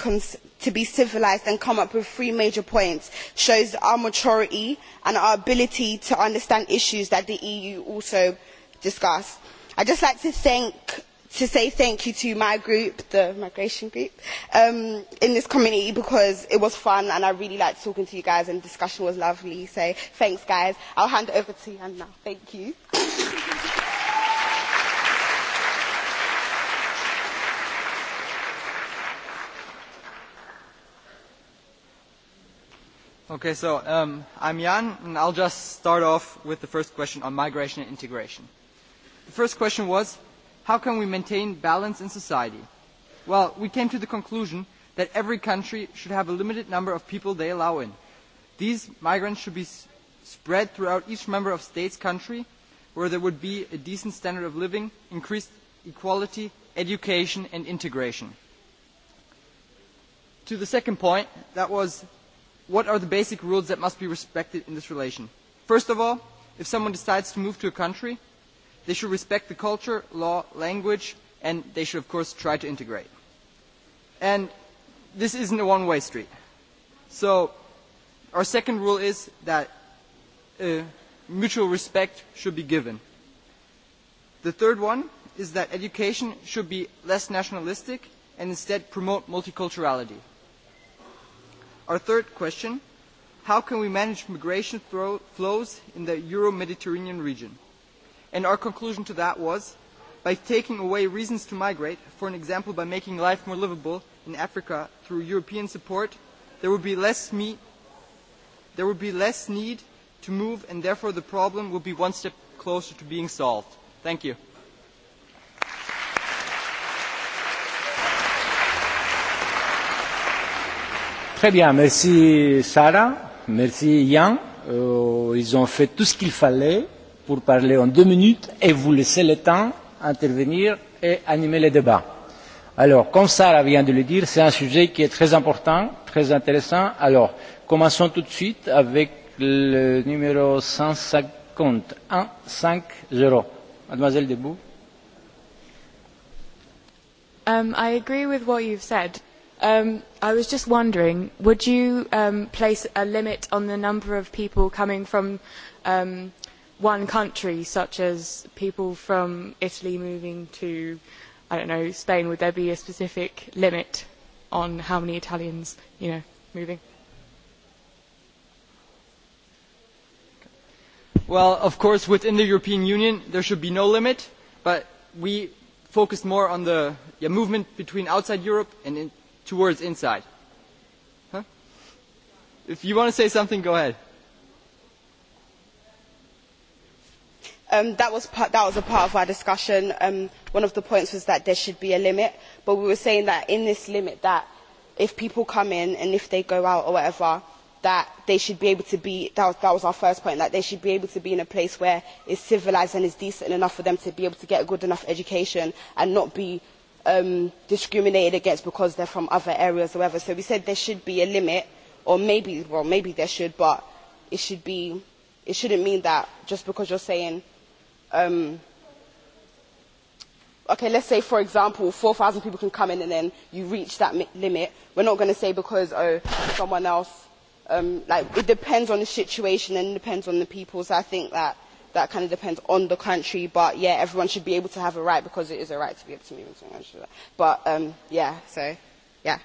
civilised and come up with three major points shows our maturity and our ability to understand issues that the eu also discusses. i would just like to say thank you to my group the migration group in this committee because it was fun and i really liked talking to you guys and the discussion was lovely so thanks guys. i will hand over to jan now. Okay, so um, I'm Jan, and I'll just start off with the first question on migration and integration. The first question was, how can we maintain balance in society? Well, we came to the conclusion that every country should have a limited number of people they allow in. These migrants should be spread throughout each member of state's country, where there would be a decent standard of living, increased equality, education, and integration. To the second point, that was what are the basic rules that must be respected in this relation? First of all, if someone decides to move to a country, they should respect the culture, law, language, and they should, of course, try to integrate. And this isn't a one-way street. So our second rule is that mutual respect should be given. The third one is that education should be less nationalistic and instead promote multiculturality. Our third question, how can we manage migration flows in the Euro-Mediterranean region? And our conclusion to that was, by taking away reasons to migrate, for example by making life more livable in Africa through European support, there would be less need to move and therefore the problem would be one step closer to being solved. Thank you. Très bien, merci Sarah, merci Yann. Ils ont fait tout ce qu'il fallait pour parler en deux minutes et vous laisser le temps intervenir et animer le débat. Alors, comme Sarah vient de le dire, c'est un sujet qui est très important, très intéressant. Alors, commençons tout de suite avec le numéro 150, 150. Mademoiselle Debout. Um, I agree with what you've said I was just wondering, would you place a limit on the number of people coming from one country, such as people from Italy moving to, I don't know, Spain? Would there be a specific limit on how many Italians, you know, moving? Well, of course, within the European Union, there should be no limit, but we focus more on the movement between outside Europe and towards inside. Huh? If you want to say something, go ahead. Um, that, was part, that was a part of our discussion. Um, one of the points was that there should be a limit, but we were saying that in this limit, that if people come in and if they go out or whatever, that they should be able to be, that was, that was our first point, that they should be able to be in a place where is civilised and is decent enough for them to be able to get a good enough education and not be discriminated against because they are from other areas or whatever. So we said there should be a limit, or maybe, well, maybe there should, but it should be, it shouldn't mean that just because you're saying, um, okay, let's say for example, 4,000 people can come in and then you reach that limit. We're not going to say because oh, someone else, um, like it depends on the situation and it depends on the people. So I think that that kind of depends on the country but yeah everyone should be able to have a right because it is a right to be able to move into a country. but um yeah so yeah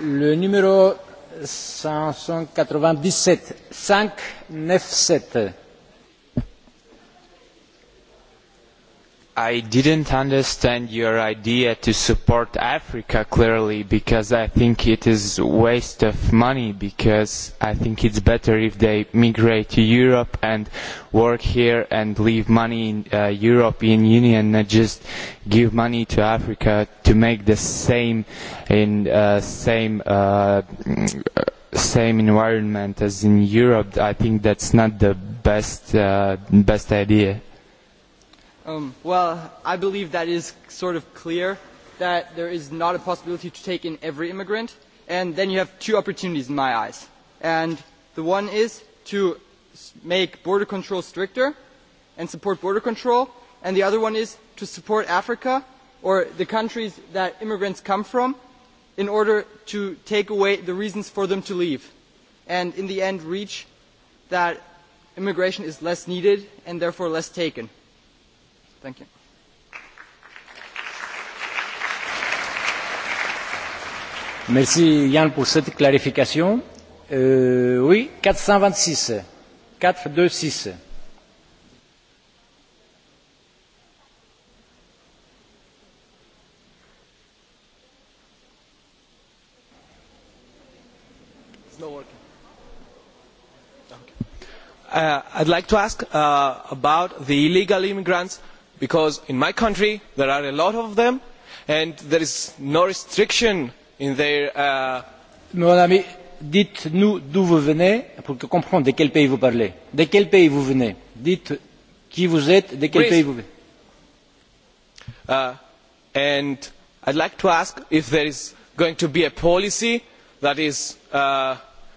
le numéro 597 597 I didn't understand your idea to support Africa clearly because I think it is a waste of money because I think it's better if they migrate to Europe and work here and leave money in the European Union and just give money to Africa to make the same in same same environment as in Europe. I think that's not the best best idea. Well, I believe that is sort of clear that there is not a possibility to take in every immigrant, and then you have two opportunities in my eyes. And the one is to make border control stricter and support border control, and the other one is to support Africa or the countries that immigrants come from in order to take away the reasons for them to leave and in the end reach that immigration is less needed and therefore less taken. Thank you. Merci Yann pour cette clarification. Euh, oui, 426. 426. I'd like to ask about the illegal immigrants because in my country there are a lot of them and there is no restriction in their. Mon ami, dites-nous d'où vous venez pour que comprendre de quel pays vous parlez. De quel pays vous venez Dites qui vous êtes, de quel pays vous venez. And I'd like to ask if there is going to be a policy that is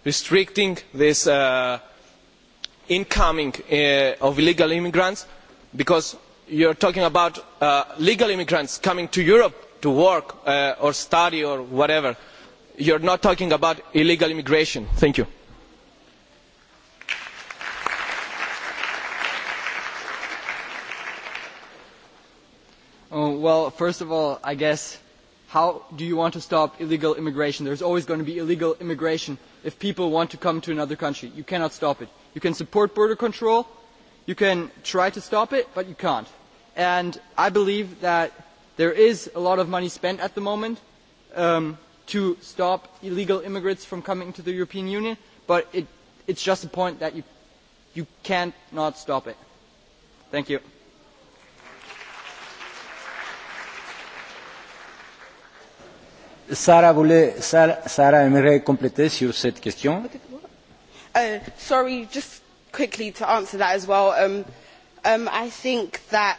restricting this incoming of illegal immigrants because you are talking about legal immigrants coming to europe to work or study or whatever you are not talking about illegal immigration. thank you. well first of all i guess how do you want to stop illegal immigration? there is always going to be illegal immigration if people want to come to another country. you cannot stop it. you can support border control You can try to stop it, but you can't. And I believe that there is a lot of money spent at the moment to stop illegal immigrants from coming to the European Union, but it it's just a point that you you can't not stop it. Thank you. question. Sorry, just quickly to answer that as well. I think that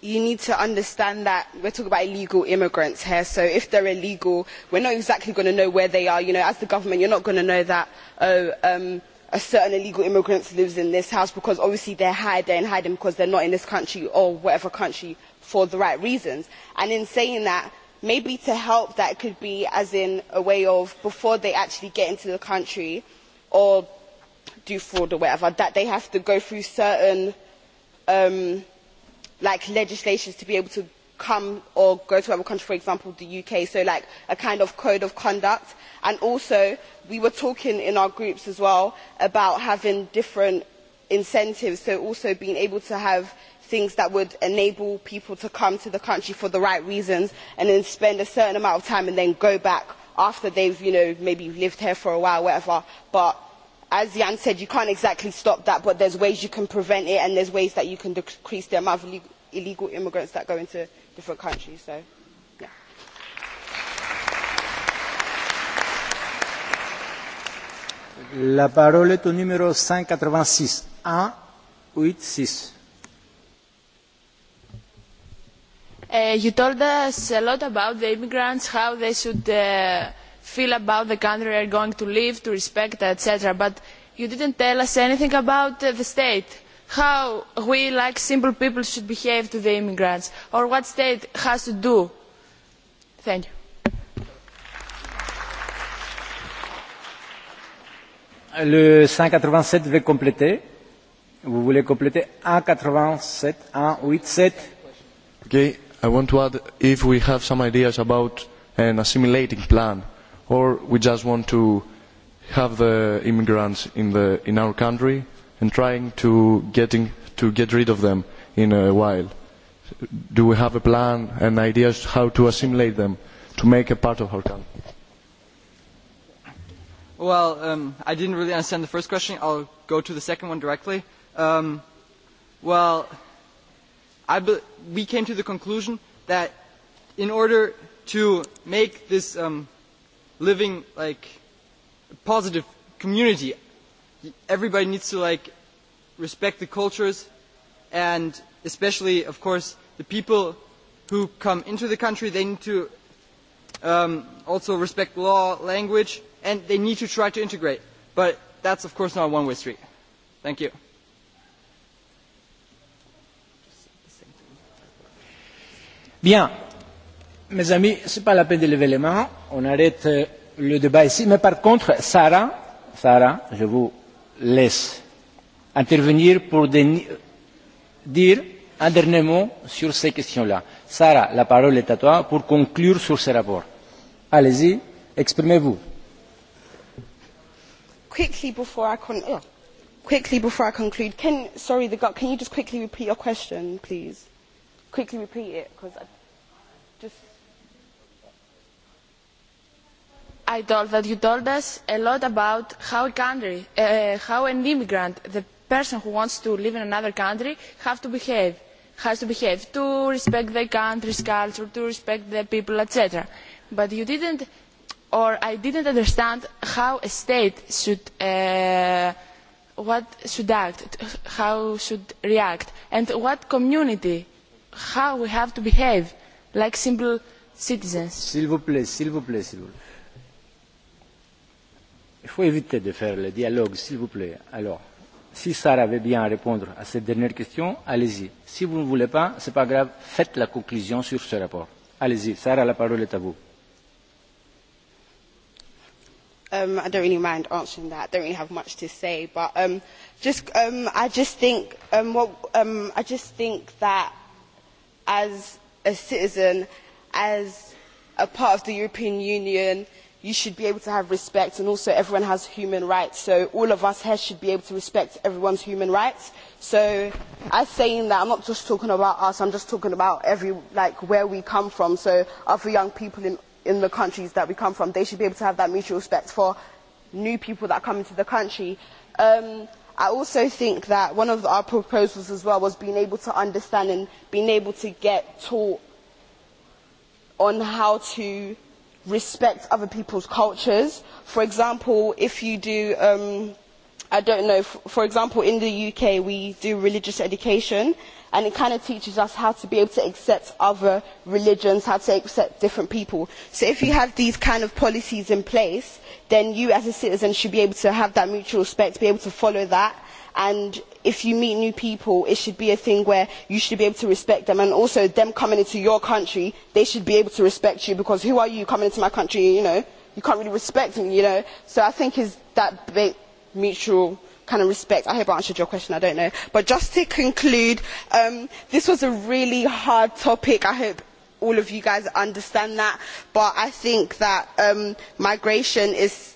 you need to understand that we're talking about illegal immigrants here. So if they're illegal, we're not exactly going to know where they are. You know, as the government, you're not going to know that oh, a certain illegal immigrant lives in this house because obviously they're hiding and hiding because they're not in this country or whatever country for the right reasons. And in saying that, maybe to help that could be as in a way of before they actually get into the country or do fraud or whatever that they have to go through certain like legislations to be able to come or go to other countries for example the uk so like a kind of code of conduct and also we were talking in our groups as well about having different incentives so also being able to have things that would enable people to come to the country for the right reasons and then spend a certain amount of time and then go back after they've you know maybe lived here for a while whatever but as jan said you cannot exactly stop that but there are ways you can prevent it and there are ways that you can decrease the amount of illegal immigrants that go into different countries. La parole est au numéro 186. 186. You told us a lot about the immigrants, how they should feel about the country we are going to live, to respect, etc. But you didn't tell us anything about the state, how we, like simple people, should behave to the immigrants, or what state has to do. Thank you. Le 187 veut compléter. Vous voulez compléter 187, 187. Okay, I want to add if we have some ideas about an assimilating plan or we just want to have the immigrants in the in our country and trying to getting to get rid of them in a while do we have a plan and ideas how to assimilate them to make a part of our country well i didn't really understand the first question i'll go to the second one directly well we came to the conclusion that in order to make this living like a positive community. Everybody needs to like respect the cultures and especially of course the people who come into the country they need to also respect law, language and they need to try to integrate. But that's of course not a one way street. Thank you. Bien. Mes amis, ce n'est pas la peine de lever les mains. On arrête le débat ici. Mais par contre, Sarah, Sarah, je vous laisse intervenir pour dire un dernier mot sur ces questions-là. Sarah, la parole est à toi pour conclure sur ce rapport. Allez-y, exprimez-vous. Quickly before I con oh, quickly before I conclude, can sorry the can you just quickly repeat your question, please? Quickly repeat it because I just i told that you told us a lot about how a country how an immigrant the person who wants to live in another country has to behave has to behave to respect the country's culture to respect the people etc. but you didn't or i didn't understand how a state should what should act how should react and what community how we have to behave like simple citizens. s'il vous faut éviter de faire le dialogue, s'il vous plaît. Alors, si Sarah veut bien répondre à cette dernière question, allez-y. Si vous ne voulez pas, ce n'est pas grave, faites la conclusion sur ce rapport. Allez-y, Sarah, la parole est à vous. Um, I don't really mind answering that. I don't really have much to say, but um, just um, I just think um, what um, I just think that as a citizen, as a part of the European Union, you should be able to have respect and also everyone has human rights so all of us here should be able to respect everyone's human rights so as saying that i'm not just talking about us i'm just talking about every like where we come from so other young people in in the countries that we come from they should be able to have that mutual respect for new people that come into the country i also think that one of our proposals as well was being able to understand and being able to get taught on how to respect other people's cultures. For example, if you do, I don't know, for example, in the UK we do religious education and it kind of teaches us how to be able to accept other religions, how to accept different people. So if you have these kind of policies in place, then you as a citizen should be able to have that mutual respect, be able to follow that and if you meet new people it should be a thing where you should be able to respect them and also them coming into your country they should be able to respect you because who are you coming into my country you know you can't really respect me you know so i think is that big mutual kind of respect i hope i answered your question i don't know but just to conclude this was a really hard topic i hope all of you guys understand that but i think that migration is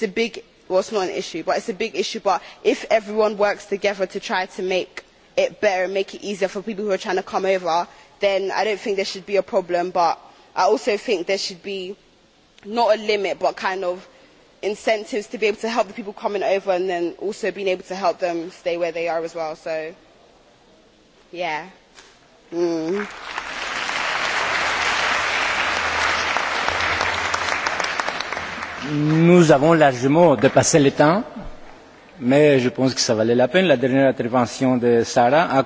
a big well it is not an issue but it's a big issue but if everyone works together to try to make it better and make it easier for people who are trying to come over then i don't think there should be a problem but i also think there should be not a limit but kind of incentives to be able to help the people coming over and then also being able to help them stay where they are as well so yeah. Nous avons largement dépassé le temps, mais je pense que ça valait la peine. La dernière intervention de Sarah,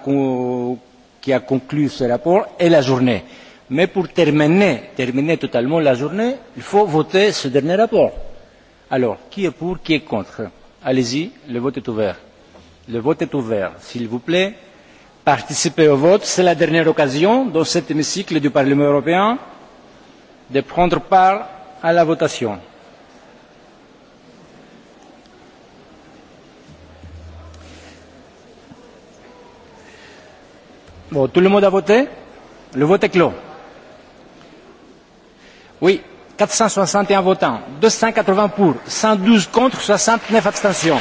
qui a conclu ce rapport, et la journée. Mais pour terminer, terminer totalement la journée, il faut voter ce dernier rapport. Alors, qui est pour, qui est contre Allez-y, le vote est ouvert. Le vote est ouvert. S'il vous plaît, participez au vote. C'est la dernière occasion, dans cet hémicycle du Parlement européen, de prendre part à la votation. Bon, tout le monde a voté Le vote est clos. Oui, 461 votants, 280 pour, 112 contre, 69 abstentions.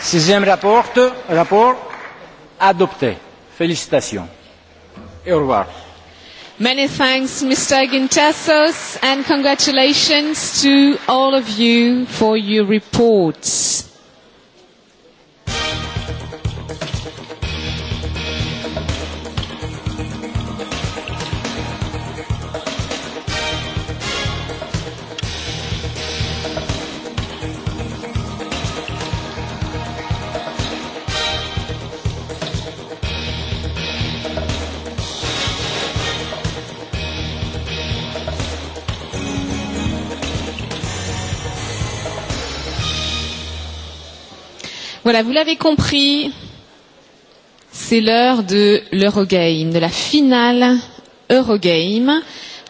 Sixième rapport, rapport adopté. Félicitations. Et au revoir. Many thanks, Mr. Gintasos, and congratulations to all of you for your reports. Voilà, vous l'avez compris, c'est l'heure de l'Eurogame, de la finale Eurogame.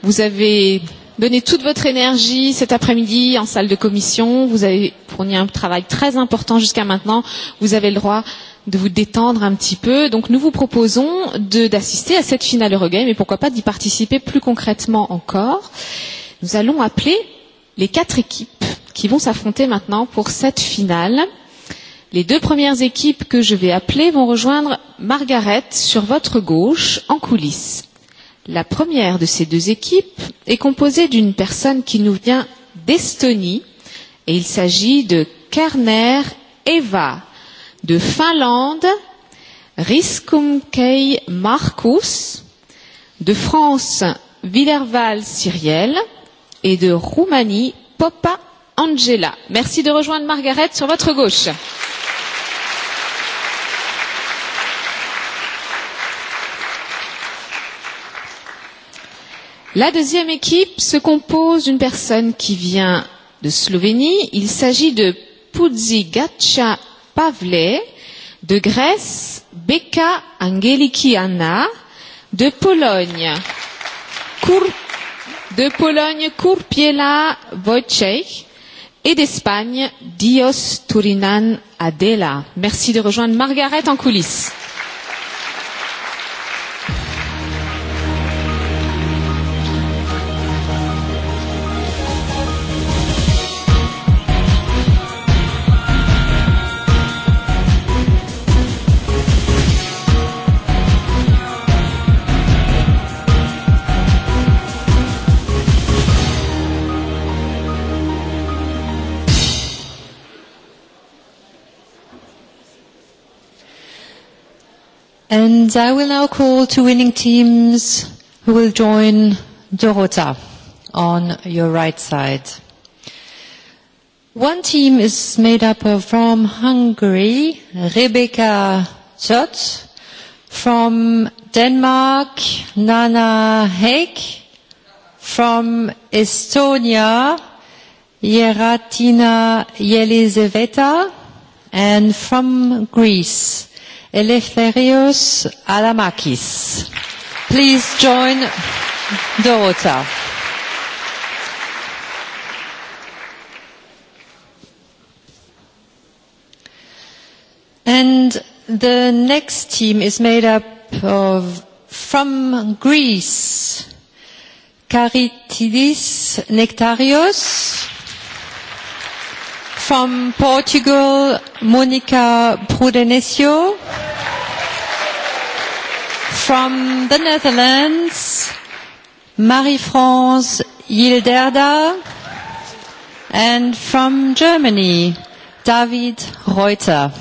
Vous avez donné toute votre énergie cet après-midi en salle de commission. Vous avez fourni un travail très important jusqu'à maintenant. Vous avez le droit de vous détendre un petit peu. Donc nous vous proposons d'assister à cette finale Eurogame et pourquoi pas d'y participer plus concrètement encore. Nous allons appeler les quatre équipes qui vont s'affronter maintenant pour cette finale. Les deux premières équipes que je vais appeler vont rejoindre Margaret sur votre gauche en coulisses. La première de ces deux équipes est composée d'une personne qui nous vient d'Estonie et il s'agit de Kerner Eva de Finlande, Riskumkei Markus de France Villerval Cyriel et de Roumanie Popa Angela. Merci de rejoindre Margaret sur votre gauche. La deuxième équipe se compose d'une personne qui vient de Slovénie. Il s'agit de Gacha Pavle, de Grèce, Beka Angelikiana, de Pologne, Kur, de Pologne Kurpiela Wojciech, et d'Espagne, Dios Turinan Adela. Merci de rejoindre Margaret en coulisses. And I will now call two winning teams who will join Dorota on your right side. One team is made up of from Hungary, Rebecca Zott, from Denmark, Nana Heik, from Estonia, Yeratina Yelizaveta, and from Greece. Eleftherios Alamakis. Please join Dorota. And the next team is made up of, from Greece, Karitidis Nectarios. From Portugal, Monica Prudenesio. From the Netherlands, Marie-France Yilderda. And from Germany, David Reuter.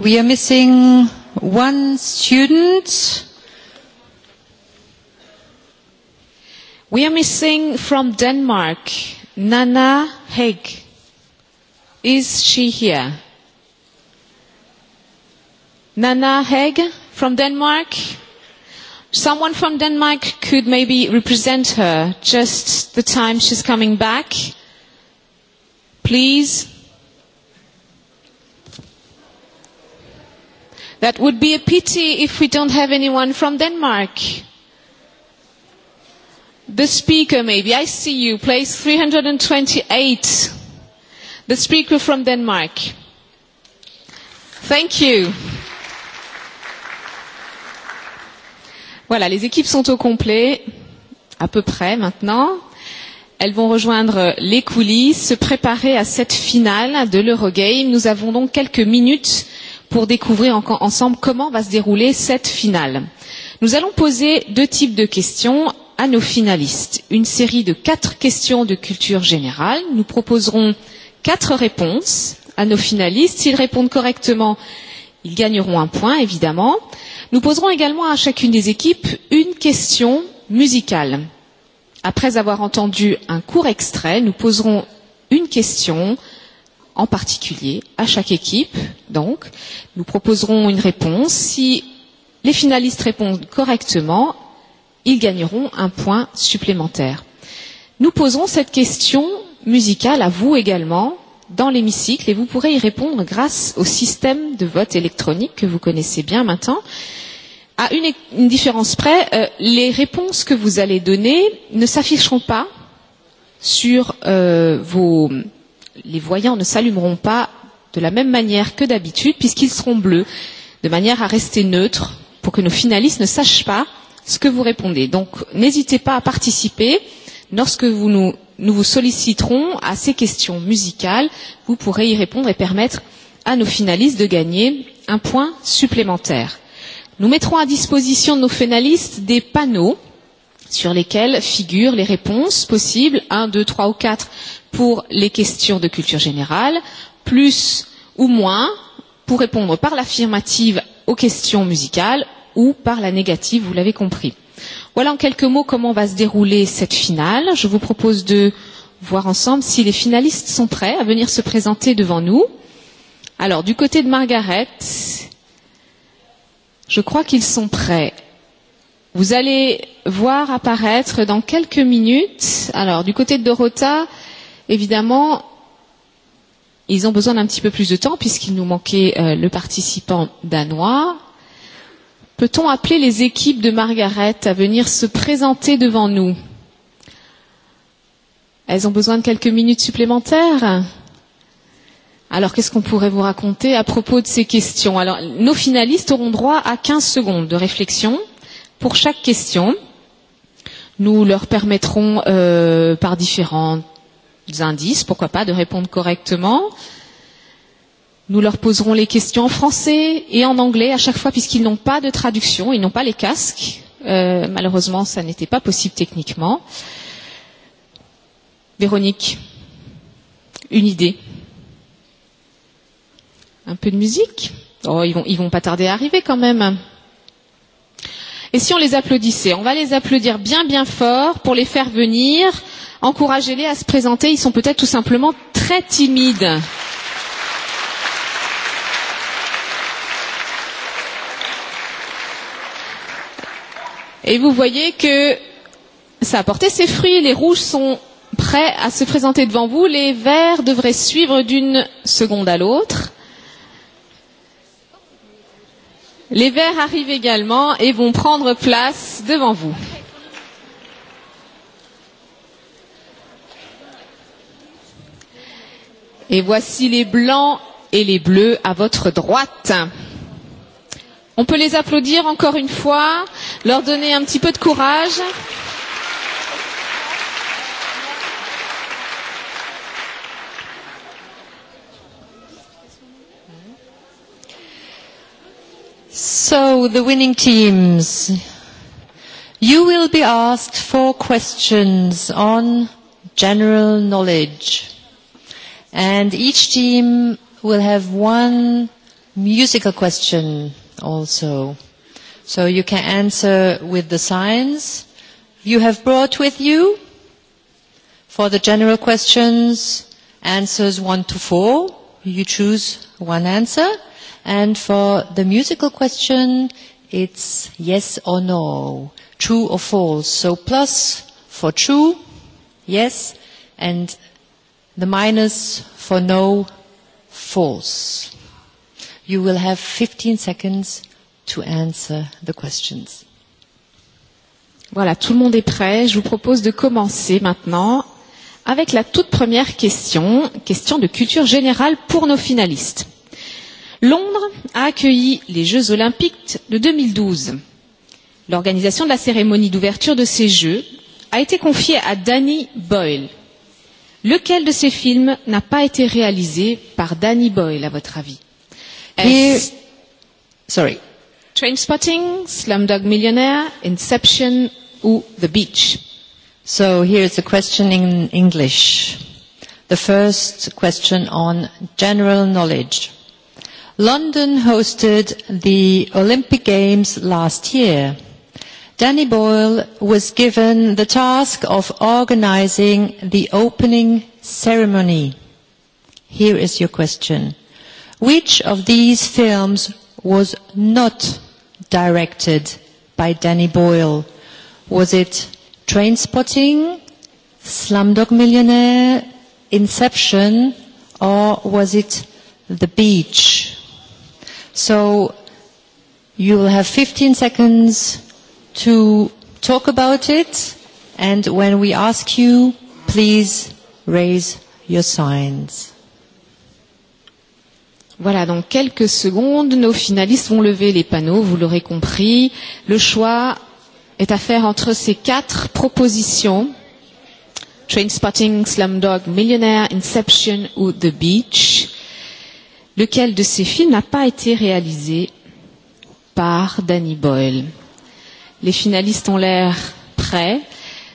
We are missing one student. We are missing from Denmark, Nana Heg. Is she here? Nana Heg from Denmark? Someone from Denmark could maybe represent her, just the time she's coming back. Please. That would be a pity if we don't have anyone from Denmark. The speaker, maybe. I see you. Place 328. The speaker from Denmark. Thank you. Voilà, les équipes sont au complet, à peu près maintenant. Elles vont rejoindre les coulisses, se préparer à cette finale de l'Eurogame. Nous avons donc quelques minutes pour découvrir ensemble comment va se dérouler cette finale. Nous allons poser deux types de questions à nos finalistes. Une série de quatre questions de culture générale. Nous proposerons quatre réponses à nos finalistes. S'ils répondent correctement, ils gagneront un point, évidemment. Nous poserons également à chacune des équipes une question musicale. Après avoir entendu un court extrait, nous poserons une question en particulier à chaque équipe. Donc, nous proposerons une réponse. Si les finalistes répondent correctement, ils gagneront un point supplémentaire. Nous poserons cette question musicale à vous également dans l'hémicycle et vous pourrez y répondre grâce au système de vote électronique que vous connaissez bien maintenant. À une, une différence près, les réponses que vous allez donner ne s'afficheront pas sur vos les voyants ne s'allumeront pas de la même manière que d'habitude puisqu'ils seront bleus, de manière à rester neutre pour que nos finalistes ne sachent pas ce que vous répondez. Donc n'hésitez pas à participer. Lorsque vous nous, nous vous solliciterons à ces questions musicales, vous pourrez y répondre et permettre à nos finalistes de gagner un point supplémentaire. Nous mettrons à disposition de nos finalistes des panneaux sur lesquels figurent les réponses possibles 1 2 3 ou 4 pour les questions de culture générale plus ou moins pour répondre par l'affirmative aux questions musicales ou par la négative vous l'avez compris voilà en quelques mots comment va se dérouler cette finale je vous propose de voir ensemble si les finalistes sont prêts à venir se présenter devant nous alors du côté de Margaret je crois qu'ils sont prêts Vous allez voir apparaître dans quelques minutes. Alors, du côté de Dorota, évidemment, ils ont besoin d'un petit peu plus de temps puisqu'il nous manquait le participant danois. Peut-on appeler les équipes de Margaret à venir se présenter devant nous Elles ont besoin de quelques minutes supplémentaires Alors, qu'est-ce qu'on pourrait vous raconter à propos de ces questions Alors, nos finalistes auront droit à 15 secondes de réflexion Pour chaque question, nous leur permettrons par différents indices, pourquoi pas, de répondre correctement. Nous leur poserons les questions en français et en anglais à chaque fois puisqu'ils n'ont pas de traduction, ils n'ont pas les casques. Malheureusement, ça n'était pas possible techniquement. Véronique, une idée Un peu de musique Oh, ils vont, ils vont pas tarder à arriver quand même et si on les applaudissait on va les applaudir bien bien fort pour les faire venir encouragez les à se présenter ils sont peut-être tout simplement très timides et vous voyez que ça a porté ses fruits les rouges sont prêts à se présenter devant vous les verts devraient suivre d'une seconde à l'autre Les verts arrivent également et vont prendre place devant vous. Et voici les blancs et les bleus à votre droite. On peut les applaudir encore une fois, leur donner un petit peu de courage. So, the winning teams, you will be asked four questions on general knowledge. And each team will have one musical question also. So you can answer with the signs you have brought with you. For the general questions, answers one to four. You choose one answer. And for the musical question, it's yes or no, true or false. So plus for true, yes, and the minus for no, false. You will have 15 seconds to answer the questions. Voilà, tout le monde est prêt. Je vous propose de commencer maintenant avec la toute première question, question de culture générale pour nos finalistes. Londres a accueilli les Jeux olympiques de 2012. L'organisation de la cérémonie d'ouverture de ces Jeux a été confiée à Danny Boyle. Lequel de ces films n'a pas été réalisé par Danny Boyle, à votre avis Sorry. Trainspotting, Slumdog Millionaire, Inception ou The Beach So here is a question in English. The first question on general knowledge. London hosted the Olympic Games last year. Danny Boyle was given the task of organizing the opening ceremony. Here is your question. Which of these films was not directed by Danny Boyle? Was it Train Spotting, Slumdog Millionaire, Inception, or was it The Beach? So you will have 15 seconds to talk about it. And when we ask you, please raise your signs. Voilà, dans quelques secondes, nos finalistes vont lever les panneaux, vous l'aurez compris. Le choix est à faire entre ces quatre propositions. train spotting, Slumdog, Millionaire, Inception ou The Beach. Lequel de ces films n'a pas été réalisé par Danny Boyle Les finalistes ont l'air prêts.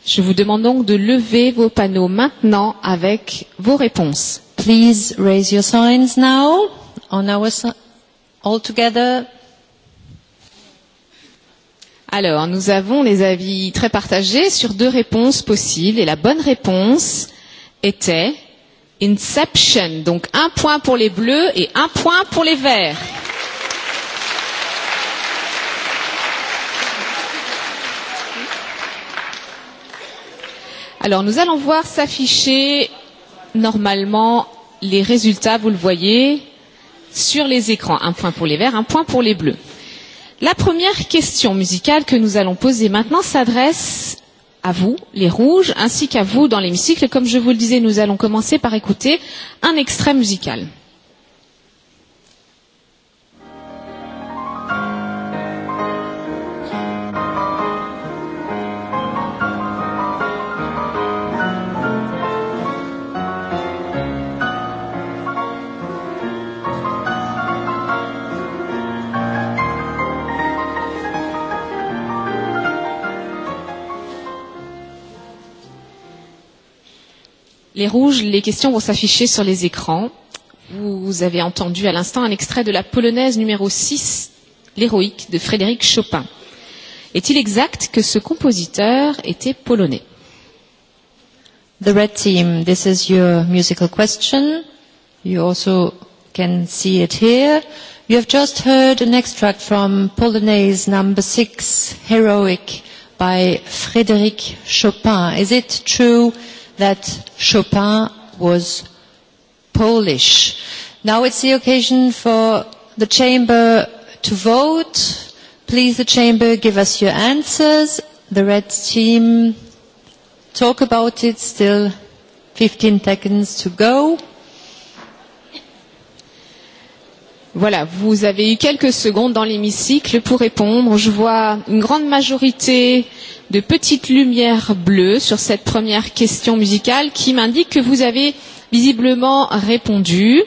Je vous demande donc de lever vos panneaux maintenant avec vos réponses. Please raise your signs now. On our all together. Alors, nous avons les avis très partagés sur deux réponses possibles et la bonne réponse était Inception. Donc un point pour les bleus et un point pour les verts. Alors nous allons voir s'afficher normalement les résultats, vous le voyez, sur les écrans. Un point pour les verts, un point pour les bleus. La première question musicale que nous allons poser maintenant s'adresse à vous, les rouges, ainsi qu'à vous dans l'hémicycle. Comme je vous le disais, nous allons commencer par écouter un extrait musical. Les rouges, les questions vont s'afficher sur les écrans. Vous avez entendu à l'instant un extrait de la polonaise numéro 6, l'héroïque de Frédéric Chopin. Est-il exact que ce compositeur était polonais The red team, this is your musical question. You also can see it here. You have just heard an extract from Polonaise number 6, Heroic, by Frédéric Chopin. Is it true that Chopin was Polish. Now it's the occasion for the chamber to vote. Please, the chamber, give us your answers. The red team, talk about it. Still 15 seconds to go. Voilà, vous avez eu quelques secondes dans l'hémicycle pour répondre. Je vois une grande majorité de petites lumières bleues sur cette première question musicale qui m'indique que vous avez visiblement répondu.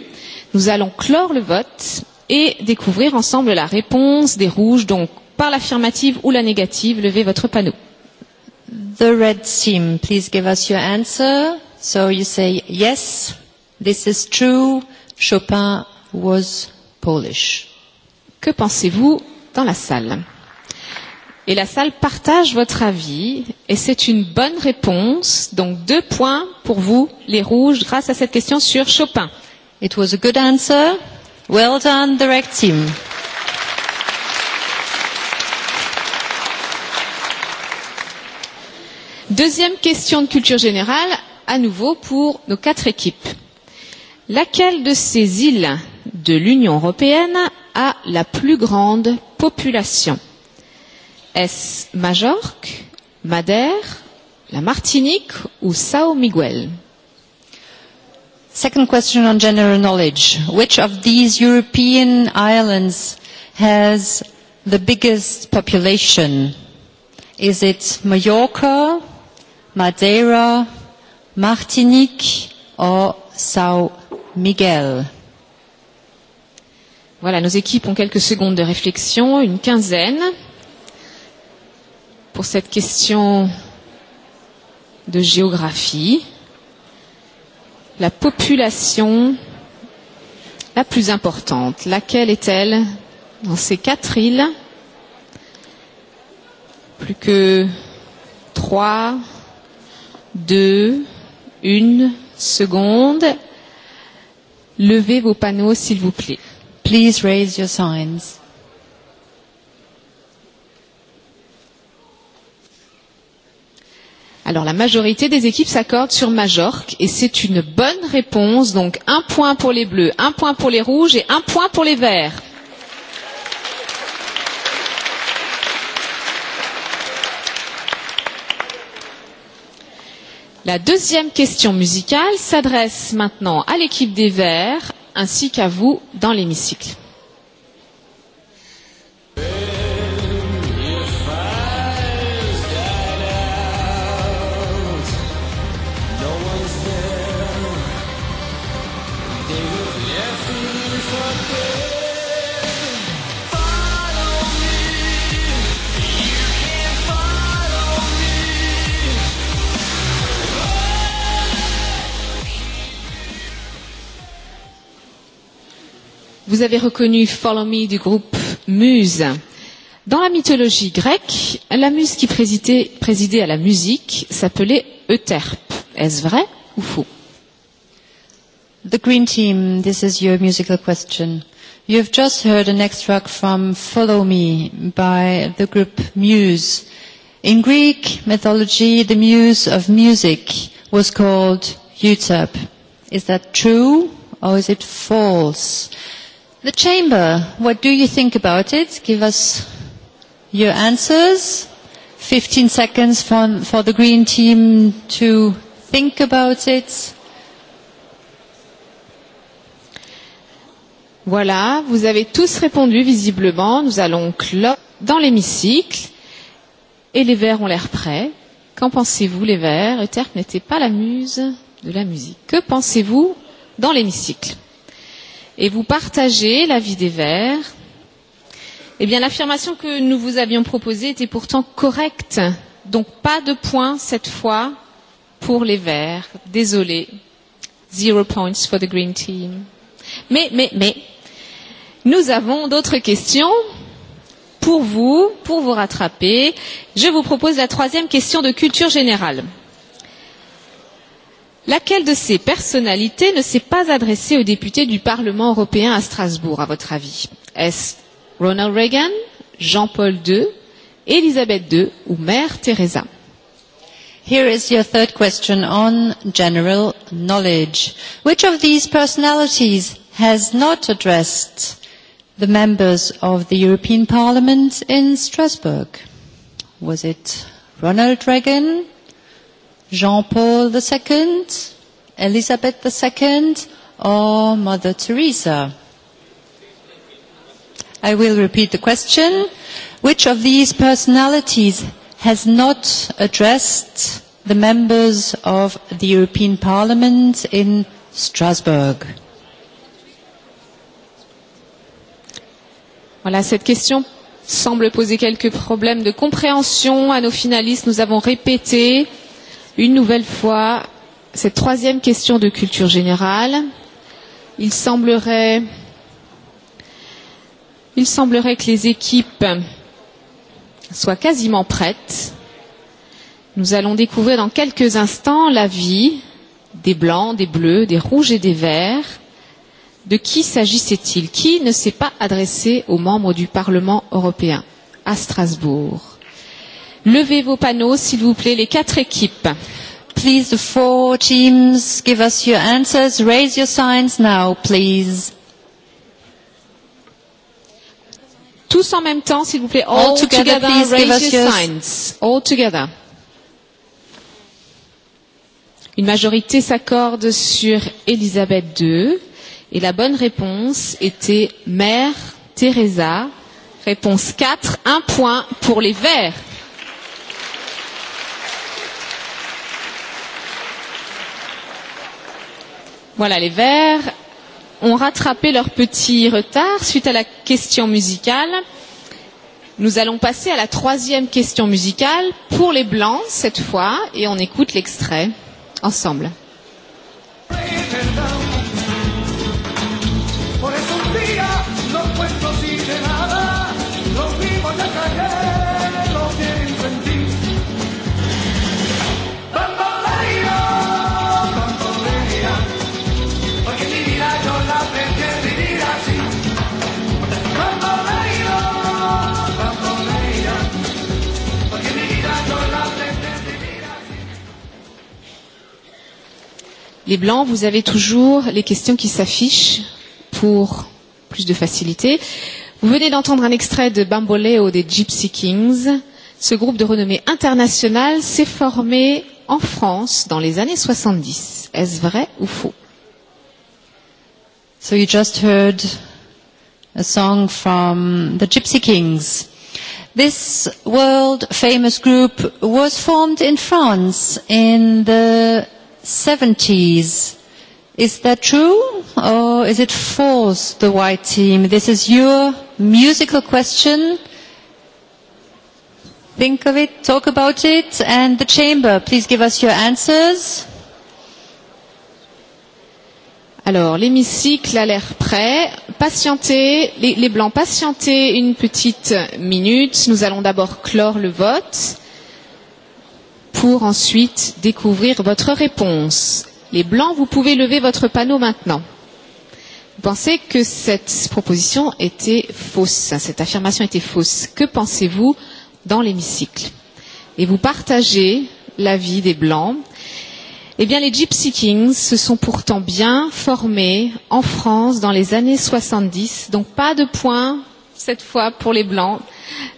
Nous allons clore le vote et découvrir ensemble la réponse des rouges. Donc, par l'affirmative ou la négative, levez votre panneau. The red team, please give us your answer. So you say yes, this is true, Chopin was Polish. Que pensez-vous dans la salle Et la salle partage votre avis et c'est une bonne réponse. Donc deux points pour vous, les rouges, grâce à cette question sur Chopin. It was a good answer. Well done, direct team. Deuxième question de culture générale, à nouveau pour nos quatre équipes. Laquelle de ces îles de l'Union européenne a la plus grande population Est-ce Majorque, Madère, la Martinique ou Sao Miguel Second question on general knowledge. Which of these European islands has the biggest population? Is it Mallorca, Madeira, Martinique or Sao Miguel. Voilà, nos équipes ont quelques secondes de réflexion, une quinzaine, pour cette question de géographie. La population la plus importante, laquelle est-elle dans ces quatre îles Plus que trois, deux, une seconde Levez vos panneaux, s'il vous plaît. Please raise your signs. Alors la majorité des équipes s'accordent sur Majorque et c'est une bonne réponse. Donc un point pour les bleus, un point pour les rouges et un point pour les verts. La deuxième question musicale s'adresse maintenant à l'équipe des Verts ainsi qu'à vous dans l'hémicycle. Vous avez reconnu Follow Me du groupe Muse. Dans la mythologie grecque, la muse qui présidait, présidait à la musique s'appelait Euterpe. Est-ce vrai ou faux The Green Team, this is your musical question. You have just heard an extract from Follow Me by the group Muse. In Greek mythology, the muse of music was called Euterpe. Is that true or is it false? The Chamber, what do you think about it? Give us your answers. 15 seconds for the Green Team to think about it. Voilà, vous avez tous répondu visiblement. Nous allons clore dans l'hémicycle. Et les Verts ont l'air prêts. Qu'en pensez-vous les Verts Euterpe n'était pas la muse de la musique. Que pensez-vous dans l'hémicycle et vous partagez l'avis des Verts, eh bien l'affirmation que nous vous avions proposée était pourtant correcte. Donc pas de points cette fois pour les Verts. Désolé. Zero points for the Green Team. Mais, mais, mais, nous avons d'autres questions pour vous, pour vous rattraper. Je vous propose la troisième question de culture générale. Laquelle de ces personnalités ne s'est pas adressée aux députés du Parlement européen à Strasbourg, à votre avis Est-ce Ronald Reagan, Jean-Paul II, Elisabeth II ou Mère Teresa Here is your third question on general knowledge. Which of these personalities has not addressed the members of the European Parliament in Strasbourg? Was it Ronald Reagan, Jean-Paul II, Elizabeth II, or Mother Teresa? I will repeat the question. Which of these personalities has not addressed the members of the European Parliament in Strasbourg? Voilà, cette question semble poser quelques problèmes de compréhension à nos finalistes. Nous avons répété une nouvelle fois cette troisième question de culture générale. Il semblerait, il semblerait que les équipes soient quasiment prêtes. Nous allons découvrir dans quelques instants la vie des blancs, des bleus, des rouges et des verts. De qui s'agissait-il Qui ne s'est pas adressé aux membres du Parlement européen à Strasbourg Levez vos panneaux, s'il vous plaît, les quatre équipes. Please, the four teams, give us your answers. Raise your signs now, please. Tous en même temps, s'il vous plaît. All, together, please give us your signs. All together. Une majorité s'accorde sur Elisabeth II. Et la bonne réponse était Mère Teresa. Réponse 4, un point pour les Verts. Voilà, les Verts ont rattrapé leur petit retard suite à la question musicale. Nous allons passer à la troisième question musicale pour les Blancs cette fois et on écoute l'extrait ensemble. Les blancs, vous avez toujours les questions qui s'affichent pour plus de facilité. Vous venez d'entendre un extrait de Bamboleo des Gypsy Kings. Ce groupe de renommée internationale s'est formé en France dans les années 70. Est-ce vrai ou faux So you just heard a song from the Gypsy Kings. This world famous group was formed in France in the 70s. Is that true or is it false, the white team? This is your musical question. Think of it, talk about it, and the chamber, please give us your answers. Alors, l'hémicycle a l'air prêt. Patientez, les blancs, patientez une petite minute. Nous allons d'abord clore le vote pour ensuite découvrir votre réponse. Les blancs, vous pouvez lever votre panneau maintenant. Vous pensez que cette proposition était fausse, cette affirmation était fausse. Que pensez-vous dans l'hémicycle Et vous partagez l'avis des blancs. Eh bien, les Gypsy Kings se sont pourtant bien formés en France dans les années 70, donc pas de points cette fois pour les blancs.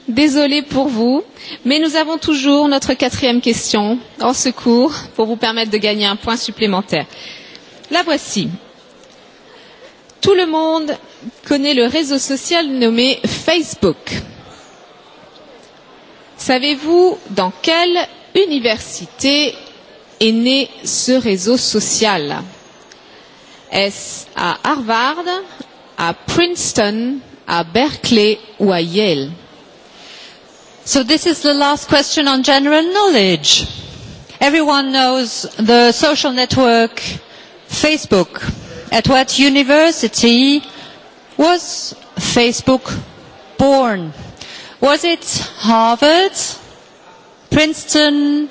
désolé pour vous, mais nous avons toujours notre quatrième question en secours pour vous permettre de gagner un point supplémentaire. La voici. Tout le monde connaît le réseau social nommé Facebook. Savez-vous dans quelle université est né ce réseau social Est-ce à Harvard, à Princeton à Berkeley ou à Yale. So this is the last question on general knowledge. Everyone knows the social network Facebook. At what university was Facebook born? Was it Harvard, Princeton,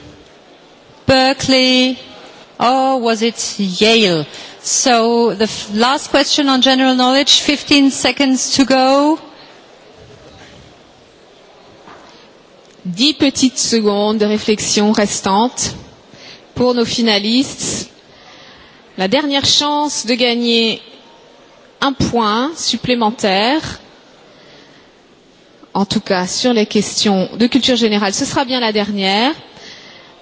Berkeley, or was it Yale? So the last question on general knowledge, 15 seconds to go. 10 petites secondes de réflexion restantes pour nos finalistes. La dernière chance de gagner un point supplémentaire. En tout cas, sur les questions de culture générale, ce sera bien la dernière.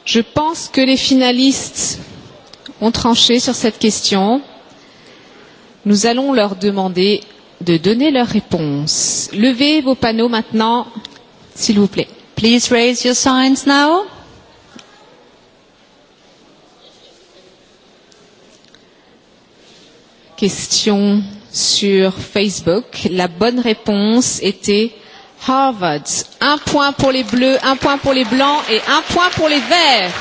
Je pense que les finalistes ont tranché sur cette question. Nous allons leur demander de donner leur réponse. Levez vos panneaux maintenant, s'il vous plaît. Please raise your signs now. Question sur Facebook. La bonne réponse était Harvard. Un point pour les bleus, un point pour les blancs et un point pour les verts.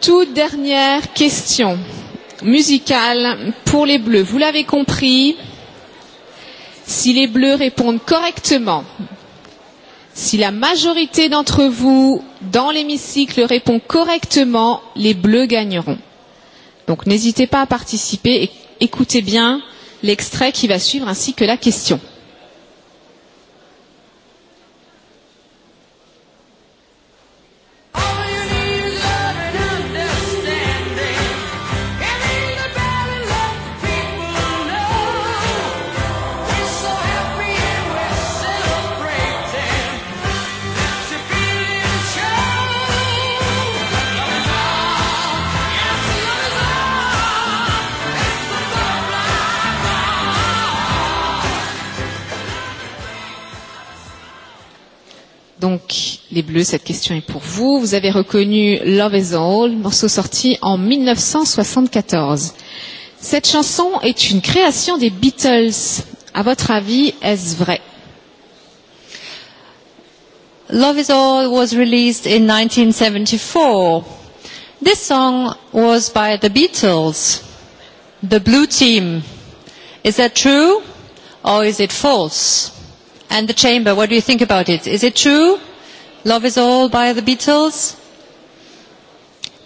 toute dernière question musicale pour les bleus. Vous l'avez compris, si les bleus répondent correctement, si la majorité d'entre vous dans l'hémicycle répond correctement, les bleus gagneront. Donc n'hésitez pas à participer et écoutez bien l'extrait qui va suivre ainsi que la question. Les Bleus, cette question est pour vous. Vous avez reconnu Love is All, morceau sorti en 1974. Cette chanson est une création des Beatles. À votre avis, est-ce vrai Love is All was released in 1974. This song was by the Beatles, the Blue Team. Is that true or is it false? And the Chamber, what do you think about it? Is it true? Love is All by the Beatles.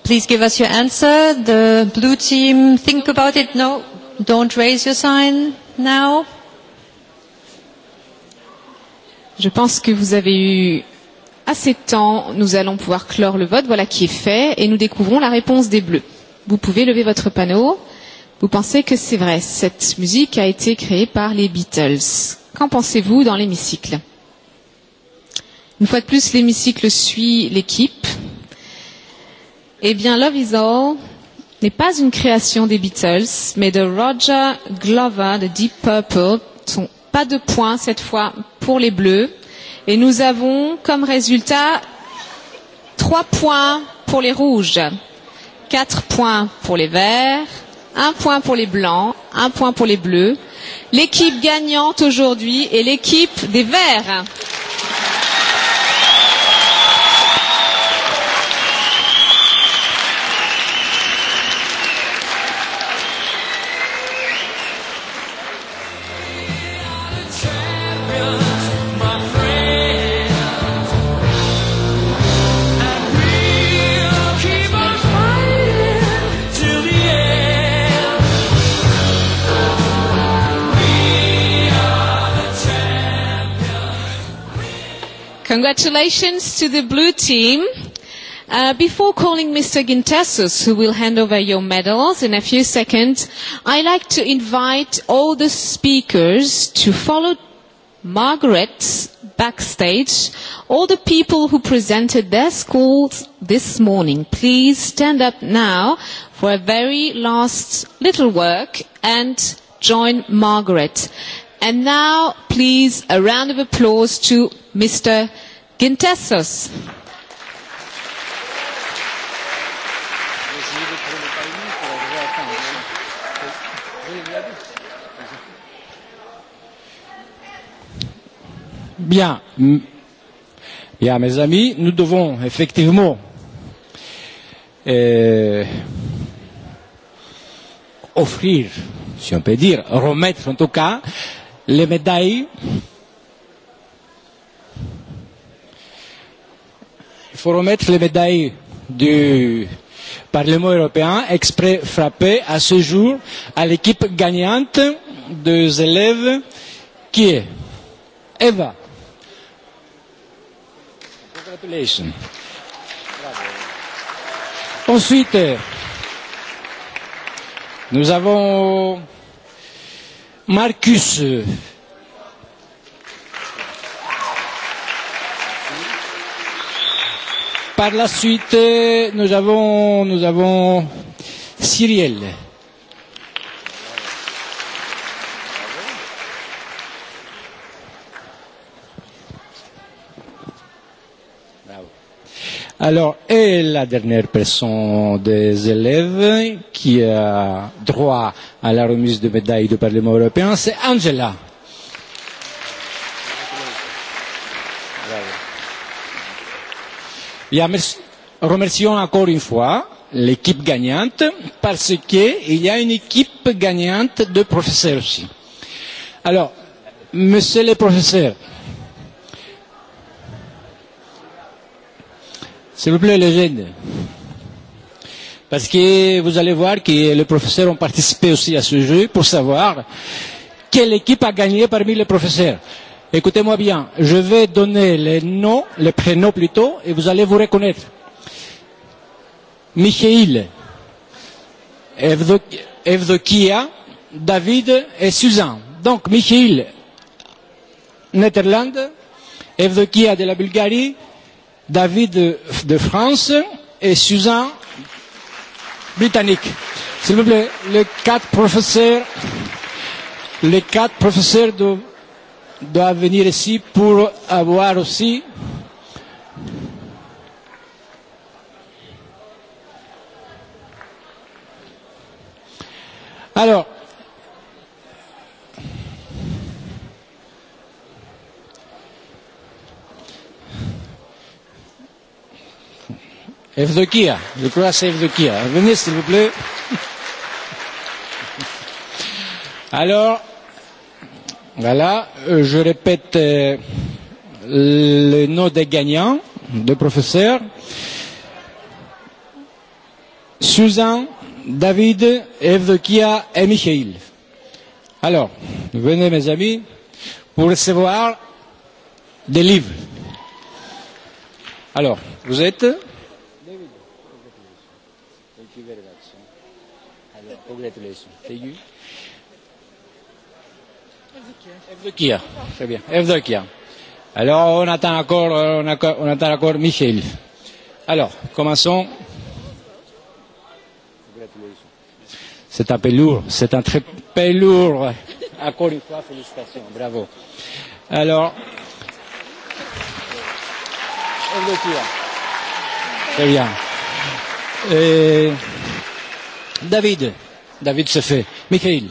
Please give us your answer. The blue team, think about it. No, don't raise your sign now. Je pense que vous avez eu assez de temps. Nous allons pouvoir clore le vote. Voilà qui est fait. Et nous découvrons la réponse des bleus. Vous pouvez lever votre panneau. Vous pensez que c'est vrai. Cette musique a été créée par les Beatles. Qu'en pensez-vous dans l'hémicycle Une fois de plus, l'hémicycle suit l'équipe. Eh bien, Love is All n'est pas une création des Beatles, mais de Roger Glover de Deep Purple. Pas de points cette fois pour les Bleus. Et nous avons comme résultat trois points pour les Rouges, quatre points pour les Verts, un point pour les Blancs, un point pour les Bleus. L'équipe gagnante aujourd'hui est l'équipe des Verts. Congratulations to the blue team. Before calling Mr. Gintasos, who will hand over your medals in a few seconds, I'd like to invite all the speakers to follow Margaret backstage. All the people who presented their schools this morning, please stand up now for a very last little work and join Margaret. And now, please, a round of applause to Mr. Bien. Bien, mes amis, nous devons effectivement euh, offrir, si on peut dire, remettre en tout cas les médailles faut remettre les médailles du Parlement européen exprès frappé à ce jour à l'équipe gagnante des élèves qui est Eva. Ensuite, nous avons Marcus. Par la suite, nous avons, nous avons Cyrielle. Alors, et la dernière personne des élèves qui a droit à la remise de médaille du Parlement européen, c'est Angela. remercions encore une fois l'équipe gagnante parce qu'il y a une équipe gagnante de professeurs aussi. Alors, monsieur le professeur, s'il vous plaît, légende. parce que vous allez voir que les professeurs ont participé aussi à ce jeu pour savoir quelle équipe a gagné parmi les professeurs. Écoutez-moi bien, je vais donner les noms, les prénoms plutôt, et vous allez vous reconnaître. Michael, Evdokia, David et Suzanne. Donc, Michael, Netherlands, Evdokia de la Bulgarie, David de France et Suzanne, Britannique. S'il vous plaît, les quatre professeurs, les quatre professeurs de doivent venir ici pour avoir aussi Alors, Evdokia, je crois c'est Evdokia. Venez s'il vous plaît. Alors, Voilà, je répète le nom des gagnants, des professeurs. Suzanne, David, Evdokia et Michael. Alors, venez mes amis pour recevoir des livres. Alors, vous êtes Thank you. Ευδοκία. Ευδοκία. Alors, on attend encore, on attend encore Michel. Alors, commençons. C'est un peu lourd, c'est un très peu lourd. Encore une fois, félicitations, bravo. Alors, Ευδοκία. Très bien. Et, David, David se fait. Michael.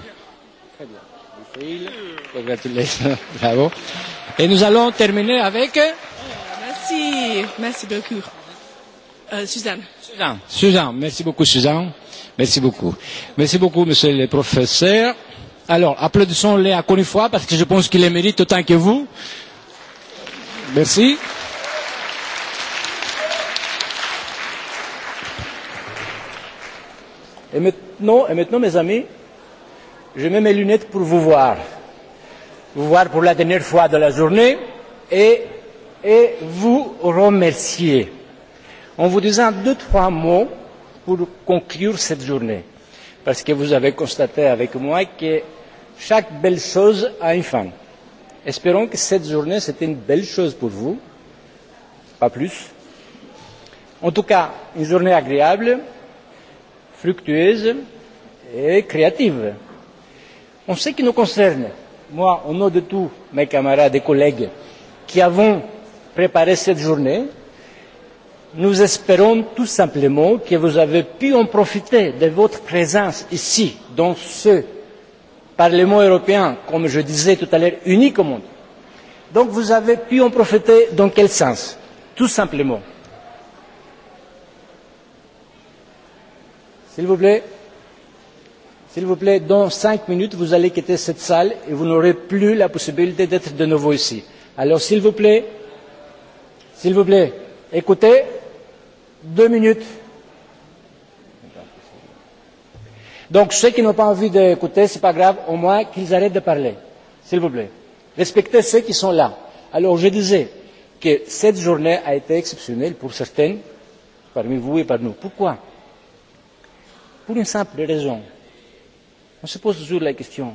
Très bien. Michael. Congratulations, bravo. Et nous allons terminer avec. Merci, merci beaucoup. Euh, Suzanne. Suzanne, Suzanne, merci beaucoup Suzanne, merci beaucoup. Merci beaucoup monsieur le professeur. Alors, applaudissons-les encore une fois parce que je pense qu'ils les méritent autant que vous. Merci. Et maintenant, et maintenant mes amis, je mets mes lunettes pour vous voir vous voir pour la dernière fois de la journée et, et vous remercier en vous disant deux, trois mots pour conclure cette journée. Parce que vous avez constaté avec moi que chaque belle chose a une fin. Espérons que cette journée, c'était une belle chose pour vous, pas plus. En tout cas, une journée agréable, fructueuse et créative. On sait qui nous concerne, moi, au nom de tous mes camarades et collègues qui avons préparé cette journée, nous espérons tout simplement que vous avez pu en profiter de votre présence ici, dans ce Parlement européen, comme je disais tout à l'heure, unique au monde. Donc vous avez pu en profiter dans quel sens Tout simplement. S'il vous plaît. S'il vous plaît, dans cinq minutes, vous allez quitter cette salle et vous n'aurez plus la possibilité d'être de nouveau ici. Alors, s'il vous plaît, s'il vous plaît, écoutez, deux minutes. Donc, ceux qui n'ont pas envie d'écouter, ce n'est pas grave, au moins qu'ils arrêtent de parler. S'il vous plaît. Respectez ceux qui sont là. Alors, je disais que cette journée a été exceptionnelle pour certaines, parmi vous et par nous. Pourquoi Pour une simple raison On se pose toujours la question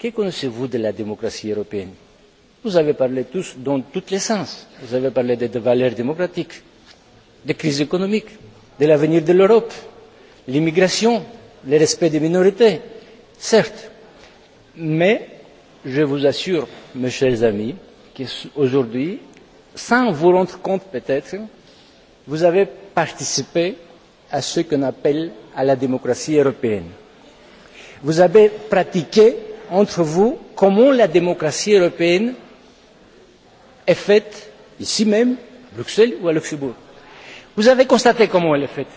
que connaissez-vous de la démocratie européenne Vous avez parlé tous dans tous les sens. Vous avez parlé des valeurs démocratiques, des crises économiques, de l'avenir de l'Europe, l'immigration, le respect des minorités, certes. Mais je vous assure, mes chers amis, qu'aujourd'hui, sans vous rendre compte peut-être, vous avez participé à ce qu'on appelle à la démocratie européenne vous avez pratiqué entre vous comment la démocratie européenne est faite ici même, à Bruxelles ou à Luxembourg. Vous avez constaté comment elle est faite.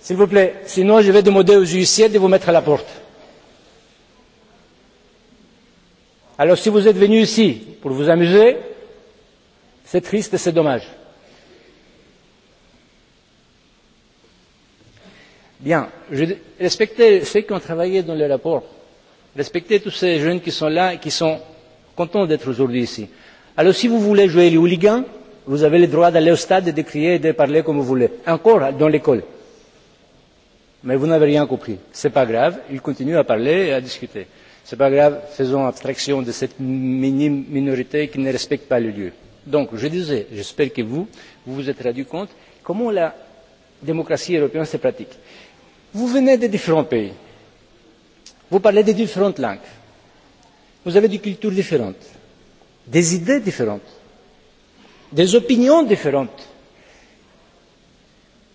S'il vous plaît, sinon je vais demander aux huissiers de vous mettre à la porte. Alors si vous êtes venu ici pour vous amuser, c'est triste et c'est dommage. Bien, je respectez ceux qui ont travaillé dans le rapport, respectez tous ces jeunes qui sont là, et qui sont contents d'être aujourd'hui ici. Alors si vous voulez jouer les hooligans, vous avez le droit d'aller au stade, et de crier et de parler comme vous voulez, encore dans l'école. Mais vous n'avez rien compris. Ce n'est pas grave, ils continuent à parler et à discuter. Ce n'est pas grave, faisons abstraction de cette minime minorité qui ne respecte pas le lieu. Donc, je disais, j'espère que vous, vous vous êtes rendu compte comment la démocratie européenne se pratique. Vous venez de différents pays. Vous parlez de différentes langues. Vous avez des cultures différentes, des idées différentes, des opinions différentes.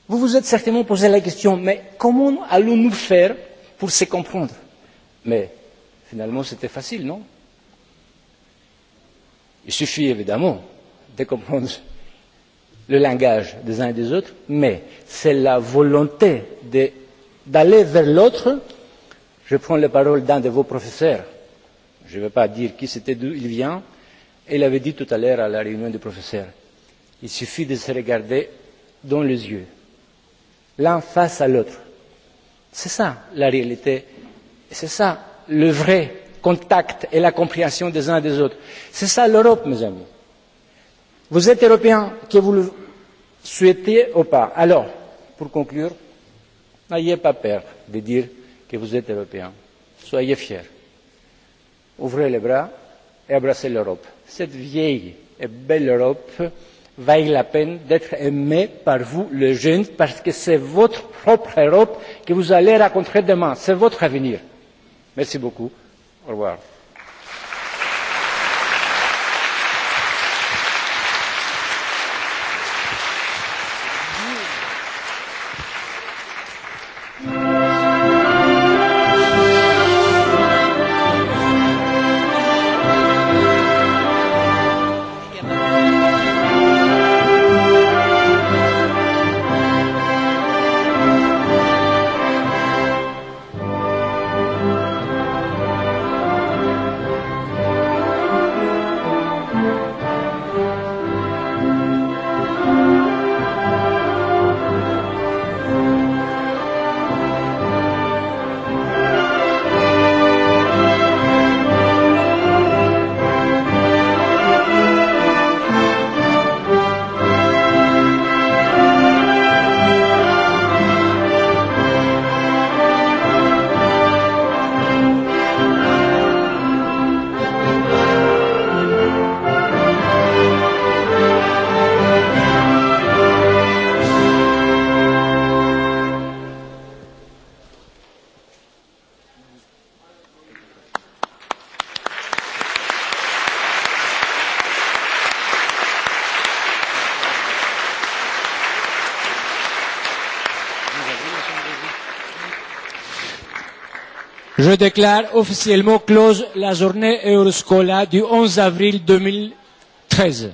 Vous vous êtes certainement posé la question, mais comment allons-nous faire pour se comprendre Mais finalement, c'était facile, non Il suffit évidemment de comprendre le langage des uns et des autres, mais c'est la volonté de d'aller vers l'autre. Je prends les paroles d'un de vos professeurs. Je ne vais pas dire qui c'était, d'où il vient. Il avait dit tout à l'heure à la réunion des professeurs. Il suffit de se regarder dans les yeux, l'un face à l'autre. C'est ça la réalité. C'est ça le vrai contact et la compréhension des uns des autres. C'est ça l'Europe, mes amis. Vous êtes européen, que vous le souhaitez ou pas. Alors, pour conclure, N'ayez pas peur de dire que vous êtes européen. Soyez fiers. Ouvrez les bras et embrassez l'Europe. Cette vieille et belle Europe vaille la peine d'être aimée par vous, les jeunes, parce que c'est votre propre Europe que vous allez rencontrer demain. C'est votre avenir. Merci beaucoup. Au revoir. déclare officiellement close la journée Euroscola du 11 avril 2013.